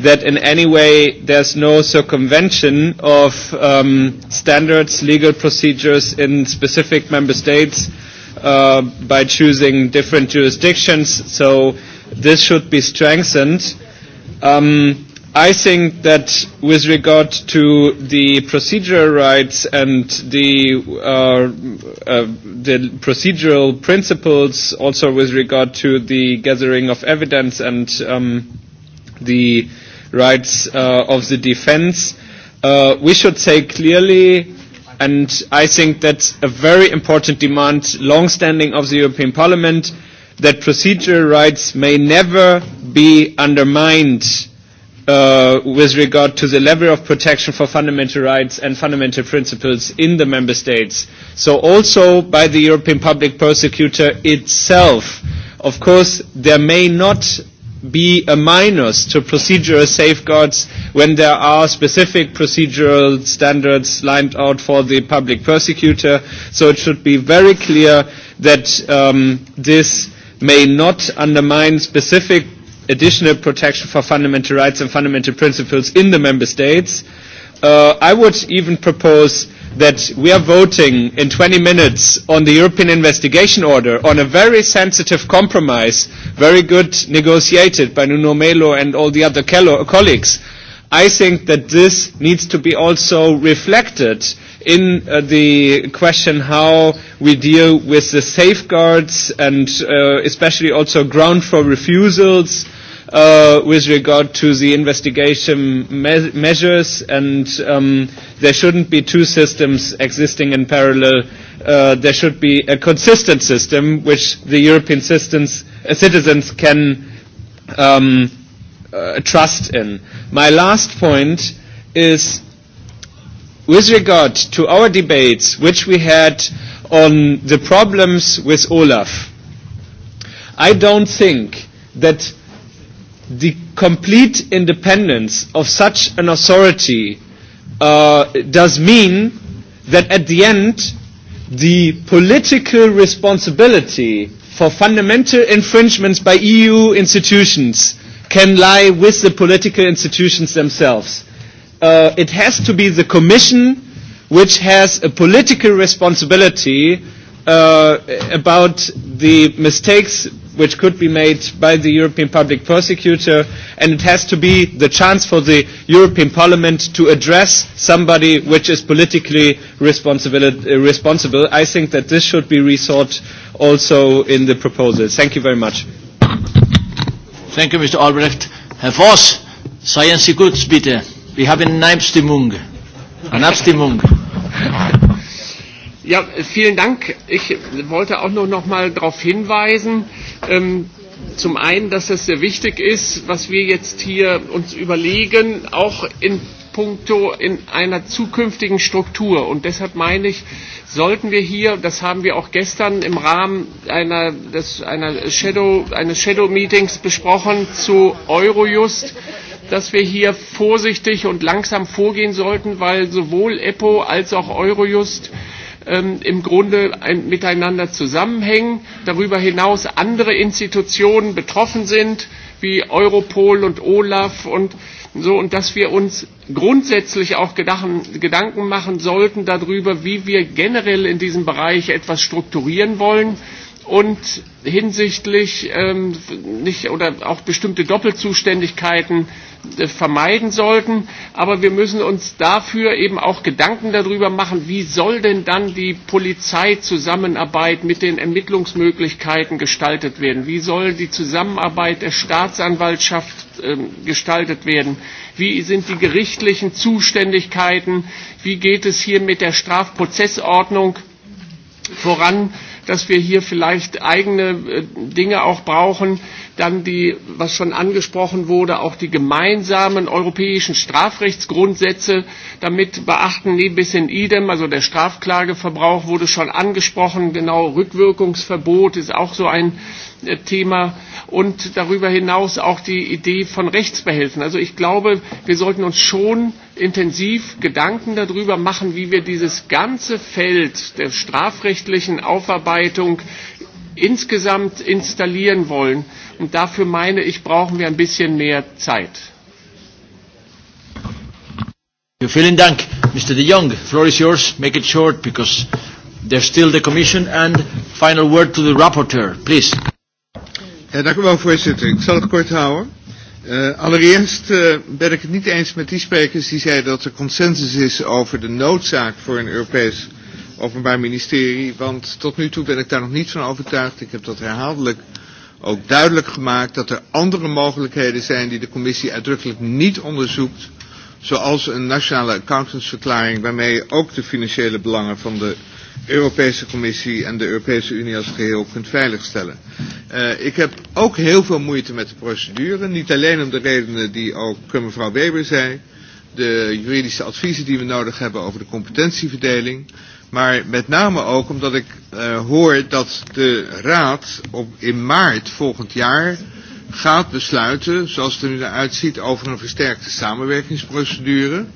that in any way there's no circumvention of um, standards, legal procedures in specific member states uh, by choosing different jurisdictions. So this should be strengthened. Um, I think that with regard to the procedural rights and the, uh, uh, the procedural principles, also with regard to the gathering of evidence and um, the rights uh, of the defense, uh, we should say clearly, and I think that's a very important demand, long-standing of the European Parliament, that procedural rights may never be undermined uh, with regard to the level of protection for fundamental rights and fundamental principles in the member states. So also by the European Public Prosecutor itself. Of course, there may not be a minus to procedural safeguards when there are specific procedural standards lined out for the public prosecutor. So it should be very clear that um, this may not undermine specific additional protection for fundamental rights and fundamental principles in the member states. Uh, I would even propose that we are voting in 20 minutes on the European investigation order on a very sensitive compromise, very good negotiated by Nuno Melo and all the other colleagues. I think that this needs to be also reflected in uh, the question how we deal with the safeguards and uh, especially also ground for refusals uh, uh, with regard to the investigation me- measures, and um, there shouldn't be two systems existing in parallel. Uh, there should be a consistent system which the European citizens, uh, citizens can um, uh, trust in. My last point is with regard to our debates which we had on the problems with Olaf. I don't think that the complete independence of such an authority uh, does mean that at the end, the political responsibility for fundamental infringements by EU institutions can lie with the political institutions themselves. Uh, it has to be the Commission which has a political responsibility uh, about the mistakes which could be made by the European Public Prosecutor, and it has to be the chance for the European Parliament to address somebody which is politically responsible. Uh, responsible. I think that this should be resought also in the proposal. Thank you very much. Thank you, Mr. Albrecht. Herr Voss, seien Sie gut, bitte. Wir haben eine Abstimmung. Eine Abstimmung. Ja, vielen Dank. Ich wollte auch nur noch mal darauf hinweisen, ähm, zum einen, dass es sehr wichtig ist, was wir jetzt hier uns überlegen, auch in puncto in einer zukünftigen Struktur. Und deshalb meine ich, sollten wir hier, das haben wir auch gestern im Rahmen einer, des, einer Shadow, eines Shadow Meetings besprochen zu Eurojust, dass wir hier vorsichtig und langsam vorgehen sollten, weil sowohl EPO als auch Eurojust äh, ähm, im Grunde ein, miteinander zusammenhängen, darüber hinaus andere Institutionen betroffen sind, wie Europol und Olaf und so, und dass wir uns grundsätzlich auch gedachen, Gedanken machen sollten darüber, wie wir generell in diesem Bereich etwas strukturieren wollen und hinsichtlich ähm, nicht oder auch bestimmte Doppelzuständigkeiten äh, vermeiden sollten. Aber wir müssen uns dafür eben auch Gedanken darüber machen, wie soll denn dann die Polizeizusammenarbeit mit den Ermittlungsmöglichkeiten gestaltet werden? Wie soll die Zusammenarbeit der Staatsanwaltschaft äh, gestaltet werden? Wie sind die gerichtlichen Zuständigkeiten? Wie geht es hier mit der Strafprozessordnung voran? dass wir hier vielleicht eigene äh, Dinge auch brauchen. Dann die, was schon angesprochen wurde, auch die gemeinsamen europäischen Strafrechtsgrundsätze damit beachten, ne bis in idem, also der Strafklageverbrauch wurde schon angesprochen, genau Rückwirkungsverbot ist auch so ein äh, Thema und darüber hinaus auch die Idee von Rechtsbehelfen. Also ich glaube, wir sollten uns schon intensiv Gedanken darüber machen, wie wir dieses ganze Feld der strafrechtlichen Aufarbeitung insgesamt installieren wollen. Und dafür meine ich, brauchen wir ein bisschen mehr Zeit. Vielen Dank, Mr. De Jong. The floor is yours. Make it short because there's still the Commission and final word to the rapporteur, please. Ja, dank u wel, voorzitter. Ik zal het kort houden. Uh, allereerst uh, ben ik het niet eens met die sprekers die zeiden dat er consensus is over de noodzaak voor een Europees Openbaar Ministerie. Want tot nu toe ben ik daar nog niet van overtuigd. Ik heb dat herhaaldelijk ook duidelijk gemaakt dat er andere mogelijkheden zijn die de commissie uitdrukkelijk niet onderzoekt. Zoals een nationale accountantsverklaring waarmee ook de financiële belangen van de Europese Commissie en de Europese Unie als geheel kunt veiligstellen. Uh, ik heb ook heel veel moeite met de procedure, niet alleen om de redenen die ook mevrouw Weber zei, de juridische adviezen die we nodig hebben over de competentieverdeling, maar met name ook omdat ik uh, hoor dat de Raad op, in maart volgend jaar gaat besluiten, zoals het er nu naar uitziet, over een versterkte samenwerkingsprocedure.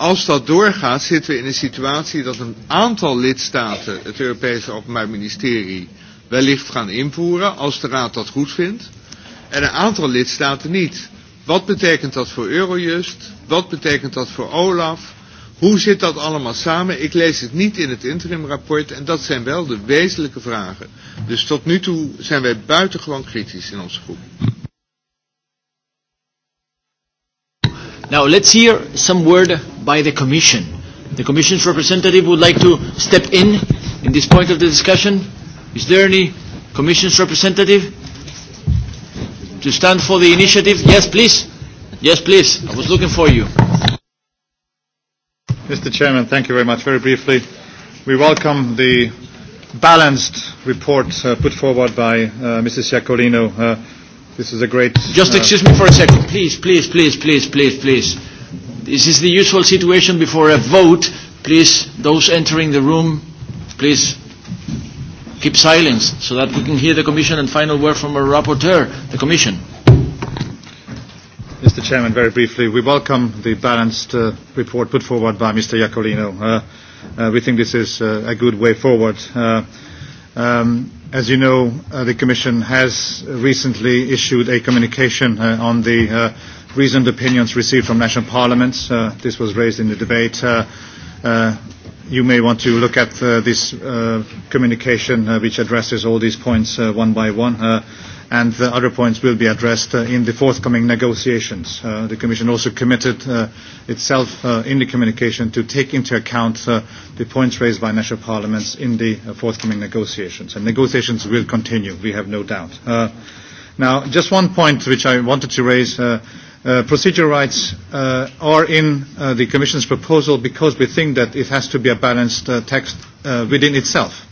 Als dat doorgaat, zitten we in een situatie dat een aantal lidstaten het Europese Openbaar Ministerie wellicht gaan invoeren, als de Raad dat goed vindt, en een aantal lidstaten niet. Wat betekent dat voor Eurojust? Wat betekent dat voor Olaf? Hoe zit dat allemaal samen? Ik lees het niet in het interimrapport en dat zijn wel de wezenlijke vragen. Dus tot nu toe zijn wij buitengewoon kritisch in onze groep. Now let's hear some word by the Commission. The Commission's representative would like to step in in this point of the discussion. Is there any Commission's representative to stand for the initiative? Yes, please. Yes, please. I was looking for you. Mr. Chairman, thank you very much. Very briefly, we welcome the balanced report uh, put forward by uh, Mrs. Iacolino. Uh, This is a great... Just uh, excuse me for a second. Please, please, please, please, please, please. This is the usual situation before a vote. Please, those entering the room, please keep silence so that we can hear the Commission and final word from our rapporteur, the Commission. Mr. Chairman, very briefly, we welcome the balanced uh, report put forward by Mr. Iacolino. Uh, uh, we think this is uh, a good way forward. Uh, um, As you know, uh, the Commission has recently issued a communication uh, on the uh, reasoned opinions received from national parliaments. Uh, this was raised in the debate. Uh, uh, you may want to look at uh, this uh, communication, uh, which addresses all these points uh, one by one. Uh, and the other points will be addressed uh, in the forthcoming negotiations. Uh, the Commission also committed uh, itself uh, in the communication to take into account uh, the points raised by national parliaments in the uh, forthcoming negotiations. And negotiations will continue, we have no doubt. Uh, now, just one point which I wanted to raise. Uh, uh, procedure rights uh, are in uh, the Commission's proposal because we think that it has to be a balanced uh, text uh, within itself. Uh,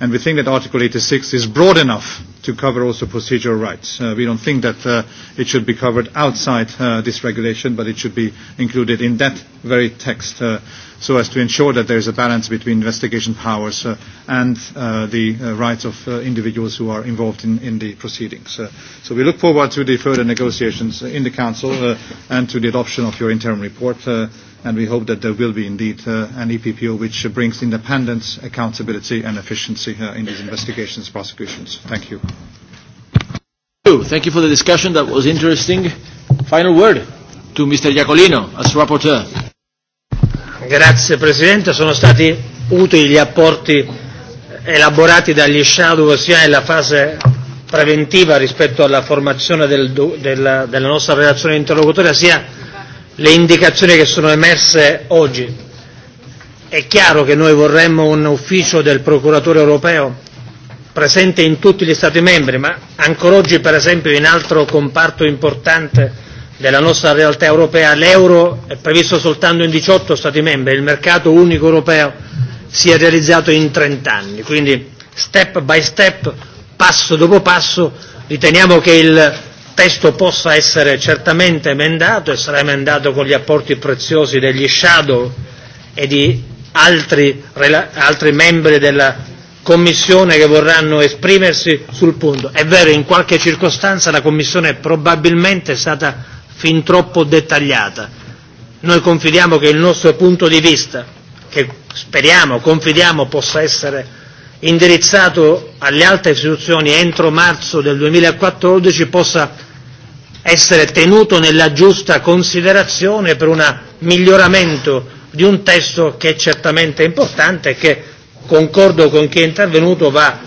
and we think that Article 86 is broad enough to cover also procedural rights. Uh, we don't think that uh, it should be covered outside uh, this regulation, but it should be included in that very text uh, so as to ensure that there is a balance between investigation powers uh, and uh, the uh, rights of uh, individuals who are involved in, in the proceedings. Uh, so we look forward to the further negotiations in the Council uh, and to the adoption of your interim report. Uh, and we hope that there will be indeed uh, an EPPO which uh, brings independence, accountability and efficiency uh, in these investigations, prosecutions. Thank you. Thank you for the discussion. That was interesting. Final word to Mr. Iacolino as rapporteur. Grazie Presidente, sono stati utili gli apporti elaborati dagli shadow sia nella fase preventiva rispetto alla formazione del, della, della nostra relazione interlocutoria sia le indicazioni che sono emerse oggi. È chiaro che noi vorremmo un ufficio del procuratore europeo presente in tutti gli Stati membri, ma ancora oggi per esempio in altro comparto importante della nostra realtà europea l'euro è previsto soltanto in 18 Stati membri, il mercato unico europeo si è realizzato in 30 anni, quindi step by step, passo dopo passo, riteniamo che il testo possa essere certamente emendato e sarà emendato con gli apporti preziosi degli shadow e di altri, altri membri della Commissione che vorranno esprimersi sul punto. È vero, in qualche circostanza la Commissione probabilmente è stata fin troppo dettagliata. Noi confidiamo che il nostro punto di vista, che speriamo, confidiamo possa essere indirizzato alle altre istituzioni entro marzo del 2014 possa essere tenuto nella giusta considerazione per un miglioramento di un testo che è certamente importante e che, concordo con chi è intervenuto, va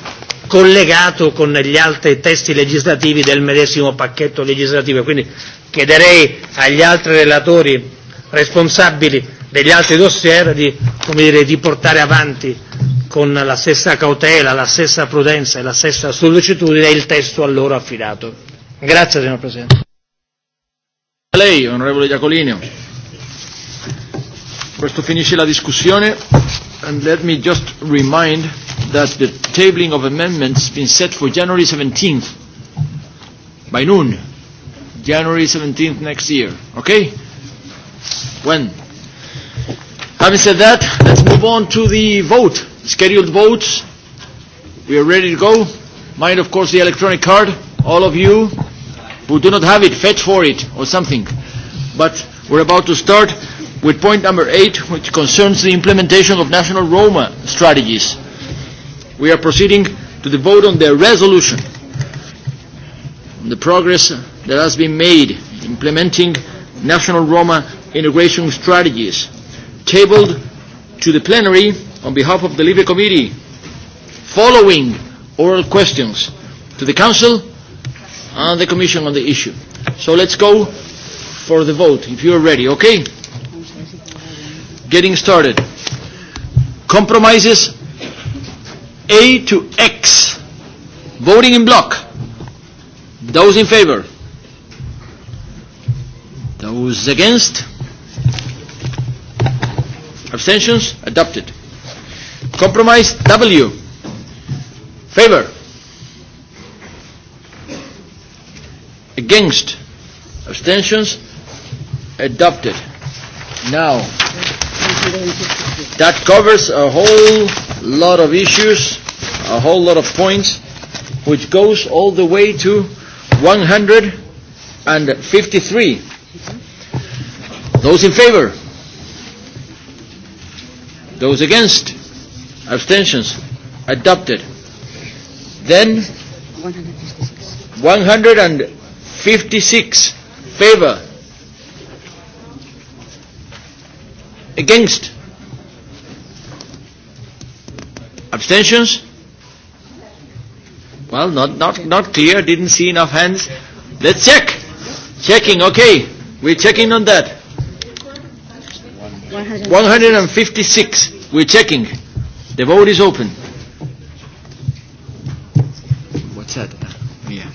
collegato con gli altri testi legislativi del medesimo pacchetto legislativo. Quindi chiederei agli altri relatori responsabili degli altri dossier di, come dire, di portare avanti con la stessa cautela, la stessa prudenza e la stessa sollecitudine il testo a loro affidato. Grazie signor Presidente. A lei, onorevole Iacolino. Questo finisce la discussione and let me just remind that the tabling of amendments has been set for January 17th by noon. January 17th next year. Okay? When? Having said that, let's move on to the vote scheduled votes. We are ready to go. Mind, of course, the electronic card. All of you who do not have it, fetch for it or something. But we're about to start with point number eight, which concerns the implementation of national Roma strategies. We are proceeding to the vote on the resolution, on the progress that has been made implementing national Roma integration strategies, tabled to the plenary on behalf of the Libre Committee, following oral questions to the Council and the Commission on the issue. So let's go for the vote, if you're ready, okay? Getting started. Compromises A to X. Voting in block. Those in favor? Those against? Abstentions? Adopted. Compromise W. Favor. Against. Abstentions. Adopted. Now, that covers a whole lot of issues, a whole lot of points, which goes all the way to 153. Those in favor? Those against? abstentions, adopted. Then 156, 156 favor, against, abstentions. Well, not, not, not clear, didn't see enough hands. Let's check. Checking, okay. We're checking on that. 156. We're checking. The vote is open. What's that? Yeah.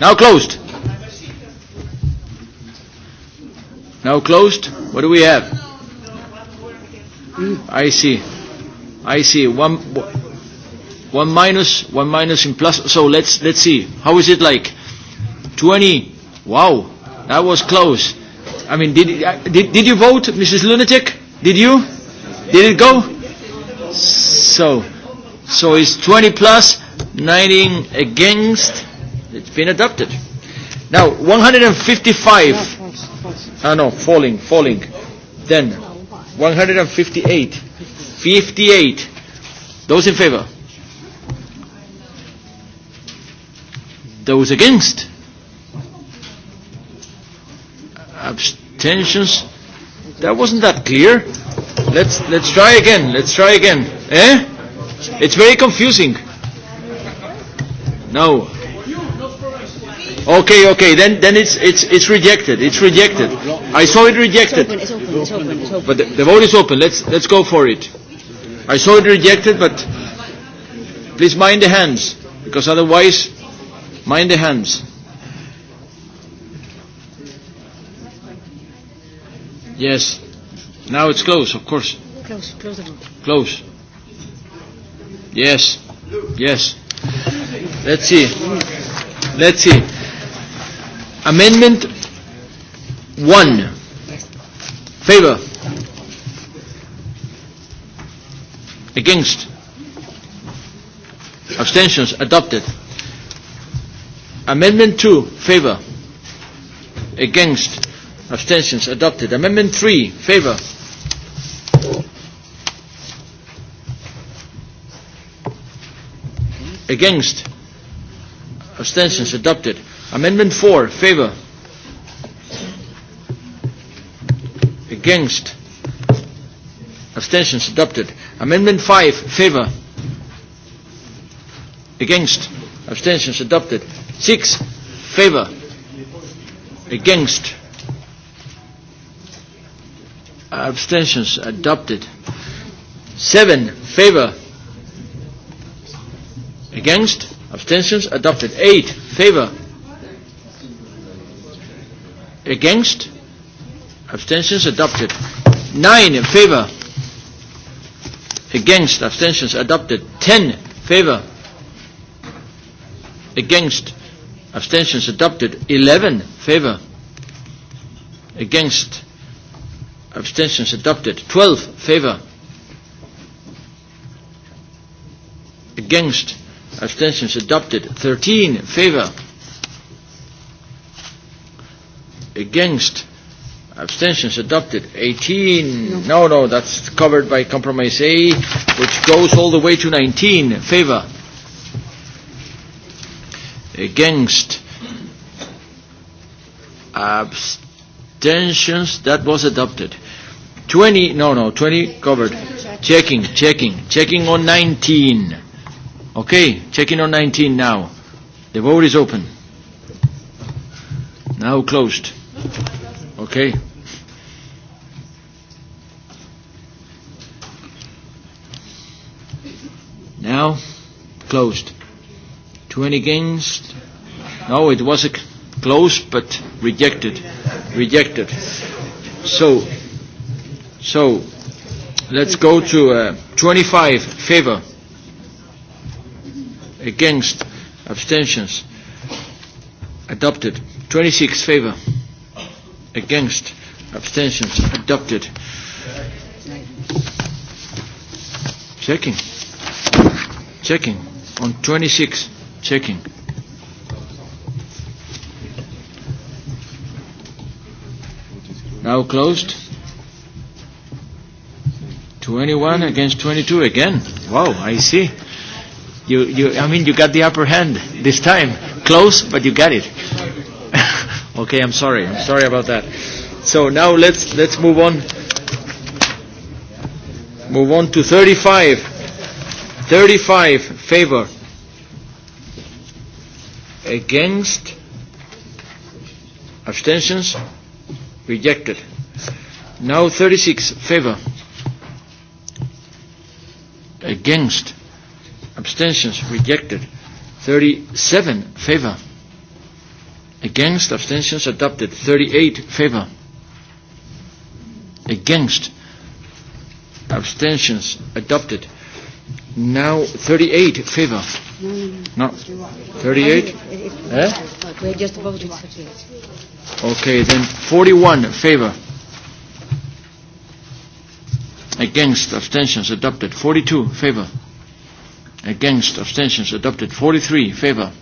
Now closed. Now closed. What do we have? I see. I see. One, one minus, one minus in plus. So let's let's see. How is it like? 20. Wow, that was close. I mean, did did, did you vote, Mrs. Lunatic? Did you? Did it go? So, so it's 20 plus, 19 against. It's been adopted. Now, 155. Ah, uh, no, falling, falling. Then, 158. 58. Those in favor? Those against? Abstentions? That wasn't that clear. Let's, let's try again. Let's try again. Eh? It's very confusing. No. Okay, okay. Then, then it's, it's, it's rejected. It's rejected. I saw it rejected. It's open, it's open, it's open, it's open. But the, the vote is open. Let's, let's go for it. I saw it rejected, but please mind the hands, because otherwise, mind the hands. Yes. Now it's close, of course. Close, close the vote. Close. Yes, yes. Let's see. Let's see. Amendment 1. Favor. Against. Abstentions. Adopted. Amendment 2. Favor. Against. Abstentions. Adopted. Amendment 3. Favor. Against? Abstentions adopted. Amendment 4, favor. Against? Abstentions adopted. Amendment 5, favor. Against? Abstentions adopted. 6, favor. Against? Abstentions adopted. 7, favor Against? Abstentions? Adopted. 8. Favor? Against? Abstentions? Adopted. 9. In favor? Against? Abstentions? Adopted. 10. Favor? Against? Abstentions? Adopted. 11. Favor? Against? Abstentions? Adopted. 12. Favor? Against? abstentions adopted 13 favor against abstentions adopted 18 no no that's covered by compromise A which goes all the way to 19 favor against abstentions that was adopted 20 no no 20 covered checking checking checking on 19 Okay, checking on 19 now. The vote is open. Now closed. Okay. Now closed. 20 against. No, it was a close but rejected. Rejected. So, so let's go to uh, 25 favor Against. Abstentions. Adopted. 26 favor. Against. Abstentions. Adopted. Checking. Checking. On 26. Checking. Now closed. 21 against 22 again. Wow, I see. You, you, I mean, you got the upper hand this time. Close, but you got it. okay, I'm sorry. I'm sorry about that. So now let's let's move on. Move on to 35. 35 favor against abstentions rejected now 36 favor against abstentions rejected 37 favor against abstentions adopted 38 favor against abstentions adopted now 38 favor no 38 eh? we just voted 38 okay then 41 favor against abstentions adopted 42 favor Against. Abstentions adopted. 43. In favor.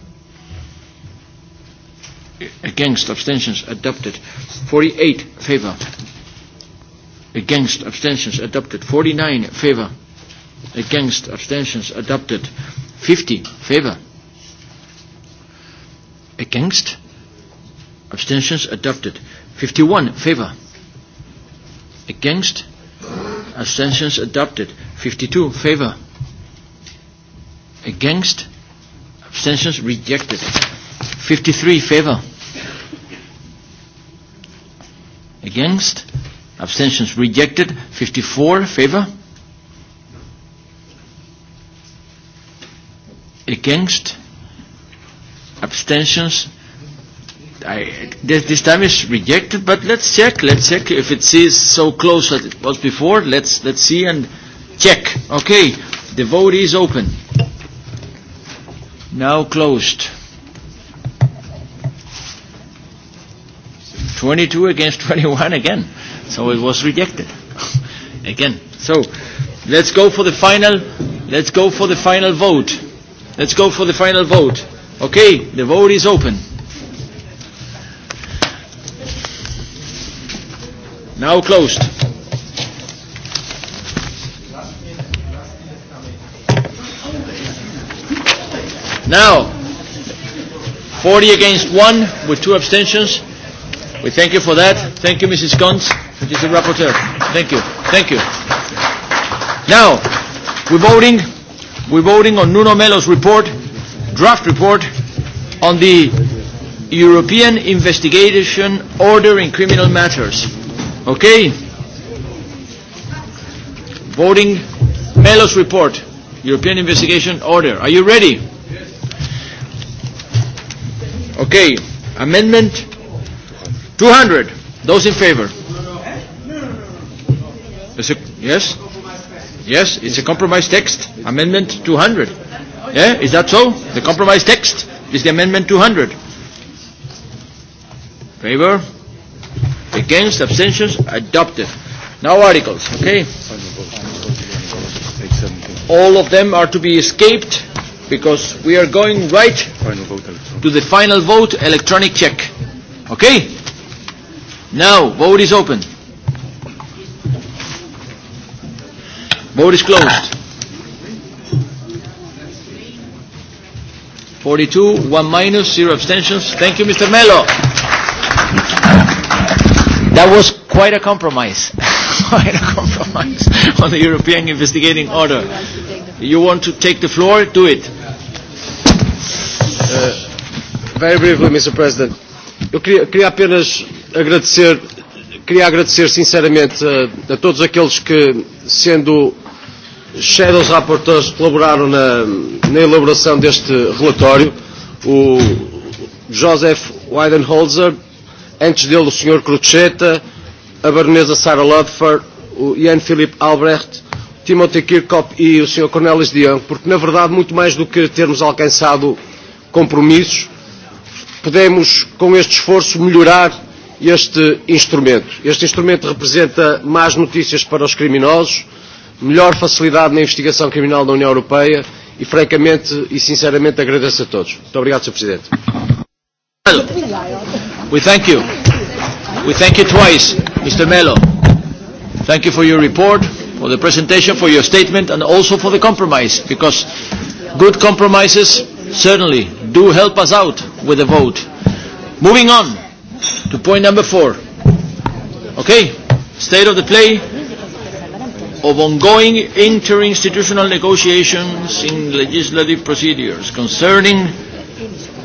Against. Abstentions adopted. 48. In favor. Against. Abstentions adopted. 49. In favor. Against. Abstentions adopted. 50. In favor. Against. Abstentions adopted. 51. In favor. Against. Abstentions adopted. 52. In favor Against? Abstentions rejected. 53 favor. Against? Abstentions rejected. 54 favor. Against? Abstentions. I, this, this time is rejected, but let's check. Let's check if it is so close as it was before. Let's let's see and check. Okay, the vote is open now closed. 22 against 21 again. So it was rejected. again. So let's go for the final. Let's go for the final vote. Let's go for the final vote. Okay, the vote is open. Now closed. Now, 40 against 1 with two abstentions. We thank you for that. Thank you, Mrs. Kunz, which is the rapporteur. Thank you. Thank you. Now, we're voting, we're voting on Nuno Melo's report, draft report, on the European investigation order in criminal matters. Okay? Voting Melo's report, European investigation order. Are you ready? Okay, amendment 200. Those in favor? It's a, yes? Yes, it's a compromise text. Amendment 200. Yeah, is that so? The compromise text is the amendment 200. Favor? Against? Abstentions? Adopted. Now articles, okay? All of them are to be escaped because we are going right to the final vote electronic check. Okay? Now, vote is open. Vote is closed. 42, 1 minus, 0 abstentions. Thank you, Mr. Mello. That was quite a compromise. quite a compromise on the European investigating order. You want to take the floor? Do it. Uh, very briefly, Mr. President. Eu queria, queria apenas agradecer, queria agradecer sinceramente a, eh, a todos aqueles que, sendo Shadows Rapporteurs, colaboraram na, na elaboração deste relatório. O Joseph Weidenholzer, antes dele o Sr. Crocetta, a Baronesa Sarah Ludford, o Ian Philip Albrecht, Timothy Kirkhope e o Sr. Cornelis Dion, porque na verdade muito mais do que termos alcançado compromissos, podemos, com este esforço, melhorar este instrumento. Este instrumento representa mais notícias para os criminosos, melhor facilidade na investigação criminal da União Europeia e, francamente e sinceramente, agradeço a todos. Muito obrigado, Sr. Presidente. Well, we thank you. We thank you twice, Mr. Melo. Thank you for your report, for the presentation, for your statement, and also for the compromise, because good compromises certainly do help us out with the vote. Moving on to point number four. Okay, state of the play of ongoing interinstitutional negotiations in legislative procedures concerning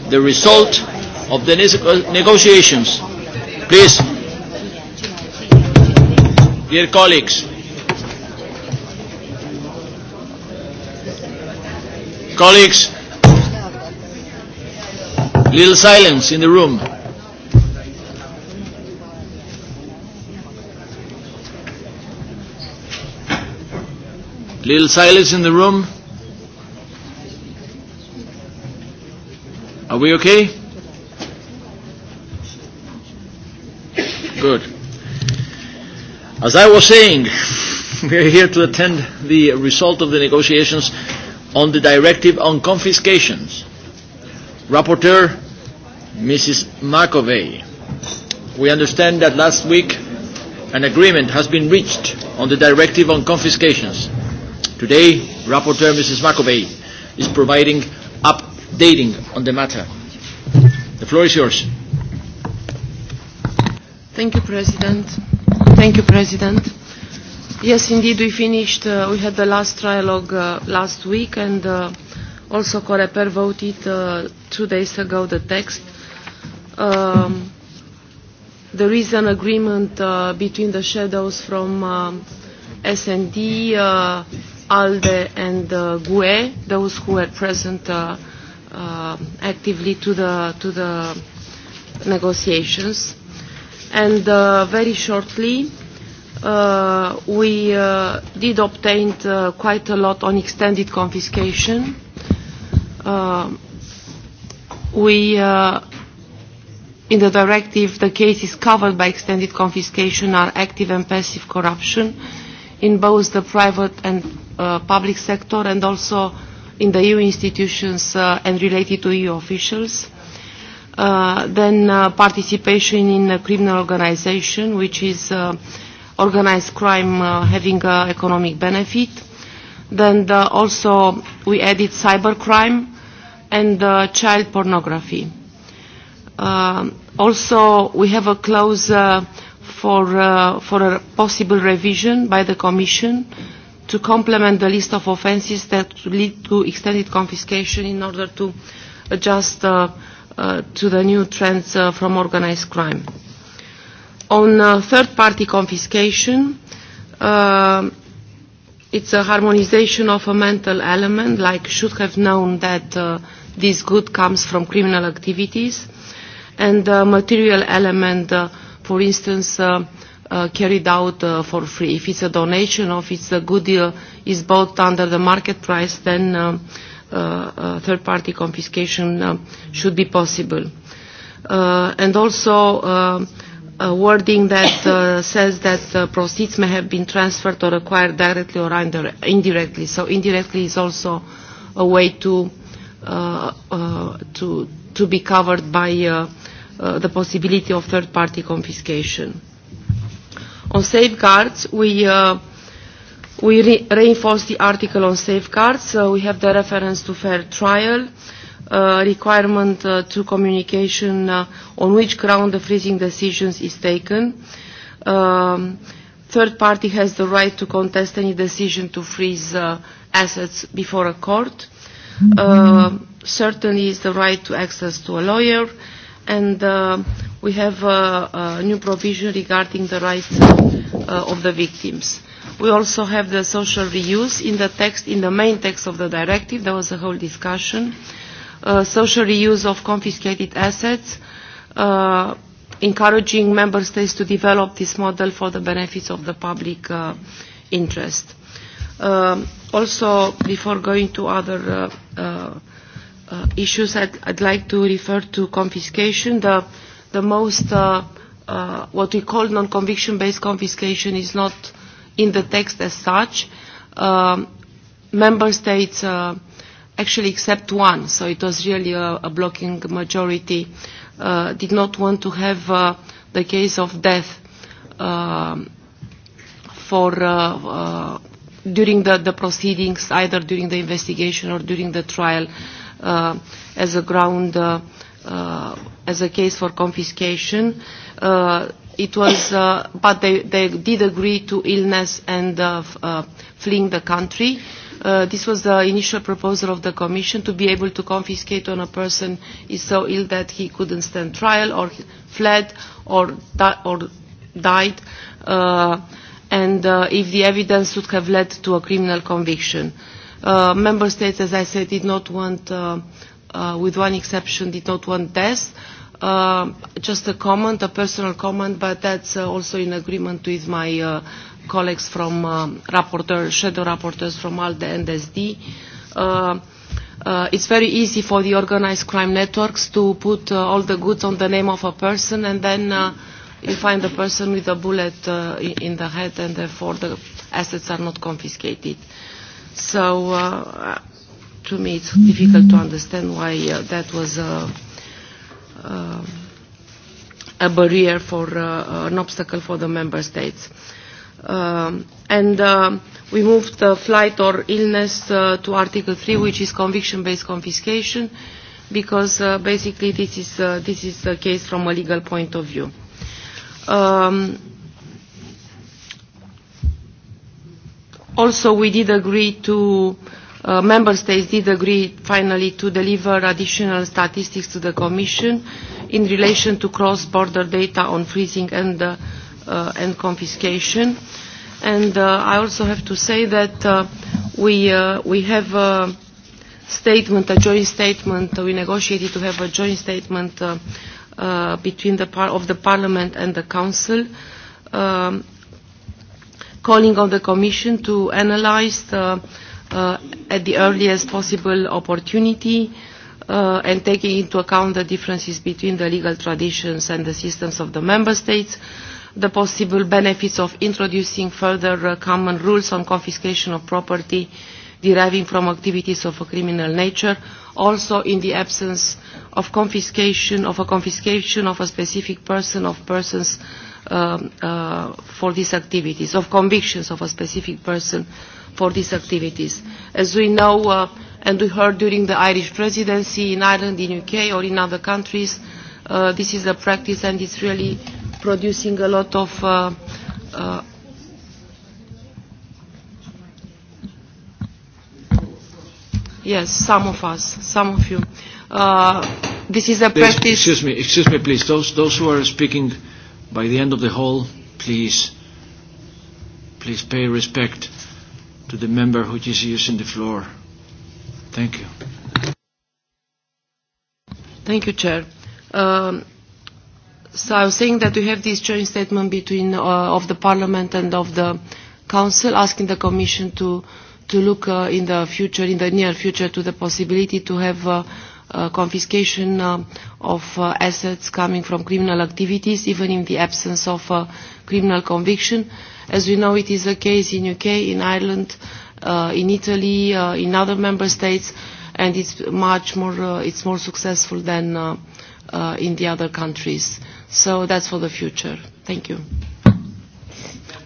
the result of the negotiations. Please, dear colleagues, colleagues, Little silence in the room. Little silence in the room. Are we okay? Good. As I was saying, we are here to attend the result of the negotiations on the directive on confiscations. Rapporteur, Mrs. McAvey. We understand that last week an agreement has been reached on the directive on confiscations. Today, Rapporteur Mrs. McAvey is providing updating on the matter. The floor is yours. Thank you, President. Thank you, President. Yes, indeed, we finished, uh, we had the last trialogue uh, last week, and uh, Also, Coreper voted uh, two days ago the text. Um, there is an agreement uh, between the shadows from um, S&D, uh, ALDE and uh, GUE, those who were present uh, uh, actively to the, to the negotiations. And uh, very shortly, uh, we uh, did obtain uh, quite a lot on extended confiscation uh, we uh, in the directive the cases covered by extended confiscation are active and passive corruption in both the private and uh, public sector and also in the EU institutions uh, and related to EU officials. Uh, then uh, participation in a criminal organization, which is uh, organized crime uh, having uh, economic benefit. Then the, also we added cybercrime, and uh, child pornography. Uh, also, we have a clause uh, for, uh, for a possible revision by the Commission to complement the list of offences that lead to extended confiscation in order to adjust uh, uh, to the new trends uh, from organized crime. On uh, third-party confiscation, uh, it's a harmonization of a mental element, like should have known that uh, this good comes from criminal activities, and the material element, uh, for instance, uh, uh, carried out uh, for free. If it's a donation or if it's a good deal, is bought under the market price, then uh, uh, uh, third-party confiscation uh, should be possible. Uh, and also, uh, a uh, wording that uh, says that uh, proceeds may have been transferred or acquired directly or indir indirectly. So indirectly is also a way to uh, uh, to to be covered by uh, uh, the possibility of third-party confiscation. On safeguards, we. Uh, we re reinforce the article on safeguards, so uh, we have the reference to fair trial. Uh, uh, requirement uh, to communication uh, on which ground the freezing decisions is taken. Um, third party has the right to contest any decision to freeze uh, assets before a court. Uh, certainly is the right to access to a lawyer. And uh, we have uh, a new provision regarding the rights uh, uh of the victims. We also have the social reuse in the text, in the main text of the directive. There was a whole discussion. Uh, uh, social reuse of confiscated assets, uh, encouraging member states to develop this model for the benefits of the public uh, interest. Um, also, before going to other uh, uh, uh, issues, I'd, I'd like to refer to confiscation. The, the most, uh, uh, what we call non-conviction-based confiscation is not in the text as such. Um, member states uh, actually except one, so it was really a, a blocking majority, uh, did not want to have uh, the case of death uh, for, uh, uh, during the, the proceedings, either during the investigation or during the trial, uh, as a ground, uh, uh, as a case for confiscation. Uh, it was, uh, but they, they did agree to illness and uh, f- uh, fleeing the country. Uh, Uh, this was the initial proposal of the Commission to be able to confiscate when a person is so ill that he couldn't stand trial or fled or, di or died, uh, and uh, if the evidence would have led to a criminal conviction. Uh, member states, as I said, did not want, uh, uh, with one exception, did not want death. Uh, just a comment, a personal comment, but that's uh, also in agreement with my uh, colleagues from uh, rapporteur, shadow rapporteurs from ALDE and SD. Uh, uh, it's very easy for the organized crime networks to put uh, all the goods on the name of a person and then uh, you find the person with a bullet uh, in the head and therefore the assets are not confiscated. So uh, to me it's difficult to understand why uh, that was a, uh, uh, a barrier for uh, uh, an obstacle for the member states. Uh, Um, and uh, we moved uh, flight or illness uh, to Article 3, which is conviction-based confiscation, because uh, basically this is, uh, this is the case from a legal point of view. Um, also, we did agree to, uh, member states did agree finally to deliver additional statistics to the Commission in relation to cross-border data on freezing and uh, uh, and confiscation. And uh, I also have to say that uh, we, uh, we have a statement, a joint statement, uh, we negotiated to have a joint statement uh, uh, between the par of the Parliament and the Council um, calling on the Commission to analyze the, uh, at the earliest possible opportunity uh, and taking into account the differences between the legal traditions and the systems of the Member States uh, the possible benefits of introducing further uh, common rules on confiscation of property deriving from activities of a criminal nature, also in the absence of confiscation of a confiscation of a specific person of persons um, uh, for these activities, of convictions of a specific person for these activities. As we know uh, and we heard during the Irish presidency in Ireland, in UK or in other countries, uh, this is a practice and it's really uh, producing a lot of uh, uh, yes, some of us, some of you. Uh, this is a please, practice. Excuse me, excuse me, please. Those those who are speaking by the end of the hall, please, please pay respect to the member who is using the floor. Thank you. Thank you, Chair. Um, So I was saying that we have this joint statement between uh, of the Parliament and of the Council, asking the Commission to to look uh, in the future, in the near future, to the possibility to have uh, uh, confiscation uh, of uh, assets coming from criminal activities, even in the absence of uh, criminal conviction. As we know, it is the case in UK, in Ireland, uh, in Italy, uh, in other member states, and it's much more, uh, it's more successful than. Uh, uh, in the other countries. So that's for the future. Thank you.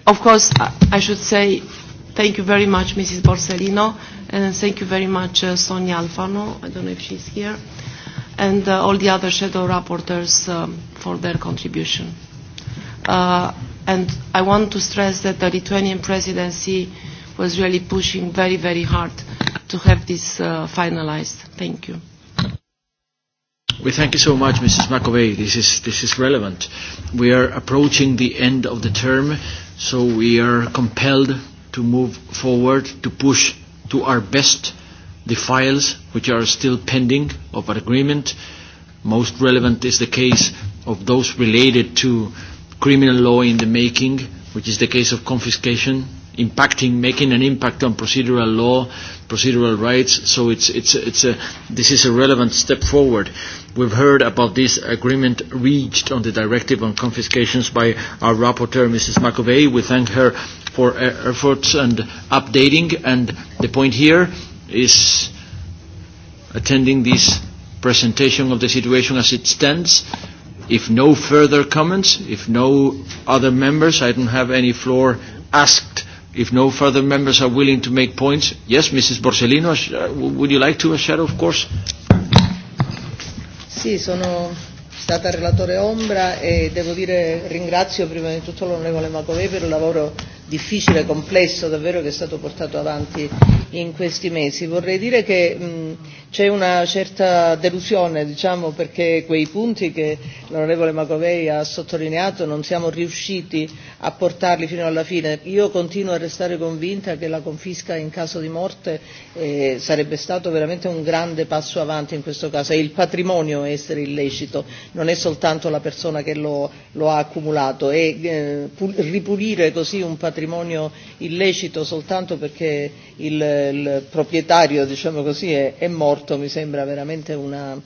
Of course, I should say thank you very much, Mrs. Borsellino, and thank you very much, uh, Sonia Alfano. I don't know if she's here, and uh, all the other shadow rapporteurs um, for their contribution. Uh, and I want to stress that the Lithuanian presidency was really pushing very, very hard to have this uh, finalized. Thank you. We thank you so much, Mrs. McAvey. This is, this is relevant. We are approaching the end of the term, so we are compelled to move forward, to push to our best the files which are still pending of our agreement. Most relevant is the case of those related to criminal law in the making, which is the case of confiscation, impacting, making an impact on procedural law, procedural rights. So it's, it's, it's a, this is a relevant step forward. We've heard about this agreement reached on the directive on confiscations by our rapporteur, Mrs. McAvey. We thank her for uh, efforts and updating. And the point here is attending this presentation of the situation as it stands. If no further comments, if no other members, I don't have any floor asked If no further members are willing to make points, yes, Mrs. Borsellino, uh, would you like to? A shadow, of course. Sì, sono stata relatore ombra e devo dire ringrazio prima di tutto l'onorevole Macovei per il lavoro difficile e complesso davvero che è stato portato avanti in questi mesi. Vorrei dire che mh, c'è una certa delusione, diciamo, perché quei punti che l'onorevole Macovei ha sottolineato non siamo riusciti a portarli fino alla fine. Io continuo a restare convinta che la confisca in caso di morte eh, sarebbe stato veramente un grande passo avanti in questo caso. È il patrimonio essere illecito, non è soltanto la persona che lo, lo ha accumulato. E eh, ripulire così un patrimonio patrimonio illecito soltanto perché il, il proprietario diciamo così, è, è morto mi sembra veramente una,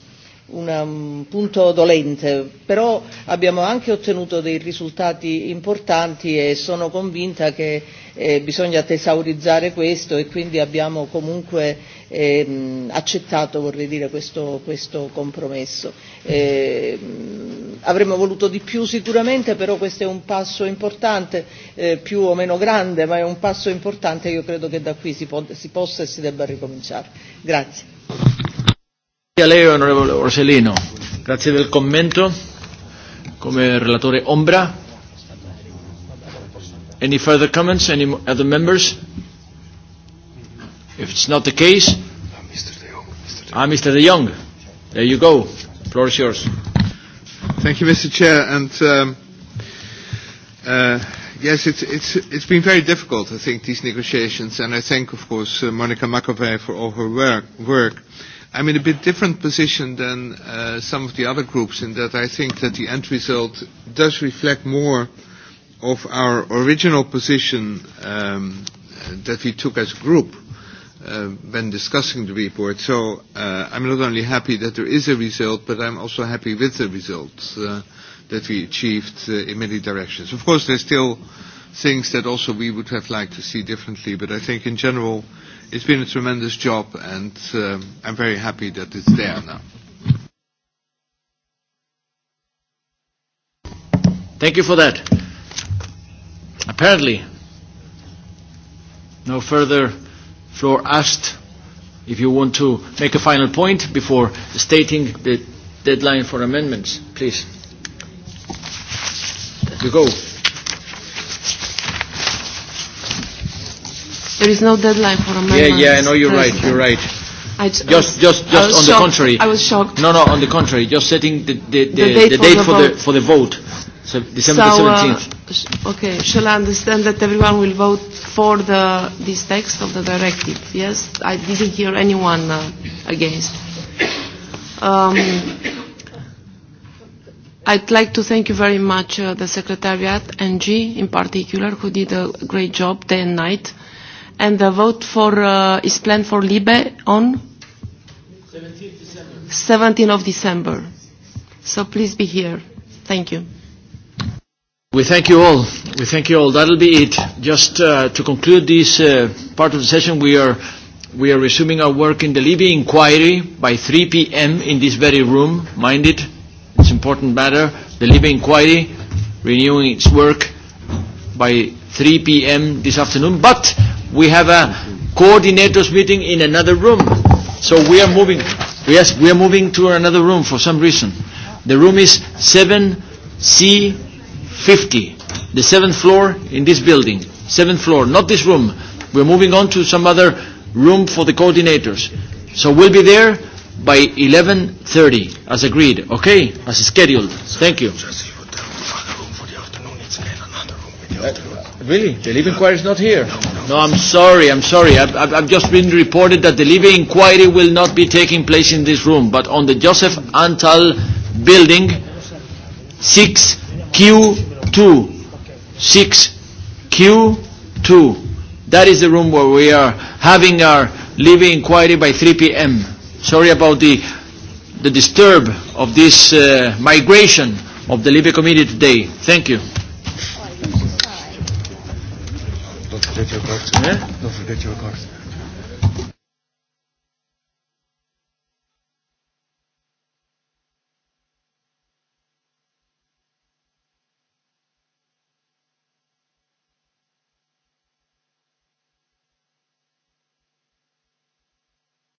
una, un punto dolente, però abbiamo anche ottenuto dei risultati importanti e sono convinta che eh, bisogna tesaurizzare questo e quindi abbiamo comunque ehm, accettato vorrei dire, questo, questo compromesso. Eh, avremmo voluto di più sicuramente, però questo è un passo importante, eh, più o meno grande, ma è un passo importante e io credo che da qui si, po- si possa e si debba ricominciare. Grazie. Grazie a lei onorevole Borsellino, grazie del commento come relatore Ombra. Any further comments? Any other members? If it's not the case, ah, Mr. De Jong, there you go. The floor is yours. Thank you, Mr. Chair. And um, uh, yes, it's, it's, it's been very difficult, I think, these negotiations. And I thank, of course, uh, Monica McAvey for all her work. work. I'm in a bit different position than uh, some of the other groups in that I think that the end result does reflect more uh, of our original position um, that we took as a group uh, when discussing the report. So uh, I'm not only happy that there is a result, but I'm also happy with the results uh, that we achieved uh, in many directions. Of course, there's still things that also we would have liked to see differently, but I think in general it's been a tremendous job, and um, I'm very happy that it's there now. Thank you for that. Apparently, no further floor asked. If you want to make a final point before stating the deadline for amendments, please. You go. There is no deadline for amendments. Yeah, yeah, I know you're President. right. You're right. I just, just, just, just on shocked. the contrary. I was shocked. No, no, on the contrary. Just setting the, the, the, the date, the for, date the for, the, for the vote. So December so, 17th. Uh, Okay, shall I understand that everyone will vote for the, this text of the directive? Yes? I didn't hear anyone uh, against. Um, I'd like to thank you very much, uh, the Secretariat, and G in particular, who did a great job day and night. And the vote for, uh, is planned for Libe on? 17th, December. 17th of December. So please be here. Thank you. We thank you all. We thank you all. That'll be it. Just uh, to conclude this uh, part of the session, we are we are resuming our work in the Libya inquiry by 3 p.m. in this very room. Mind it, it's important matter. The Libya inquiry renewing its work by 3 p.m. this afternoon. But we have a coordinators meeting in another room, so we are moving. Yes, we are moving to another room for some reason. The room is 7C. 50, the seventh floor in this building, seventh floor, not this room. We're moving on to some other room for the coordinators. So we'll be there by 11.30, as agreed, okay? As scheduled. Thank you. Uh, really? The Libe Inquiry is not here? No, no. no, I'm sorry, I'm sorry. I've, I've, I've just been reported that the Libe Inquiry will not be taking place in this room, but on the Joseph Antal building, 6 Q2. 6. Q2. That is the room where we are having our living inquiry by 3 p.m. Sorry about the, the disturb of this uh, migration of the Libya Committee today. Thank you. Don't forget your cards. Yeah? Don't forget your cards.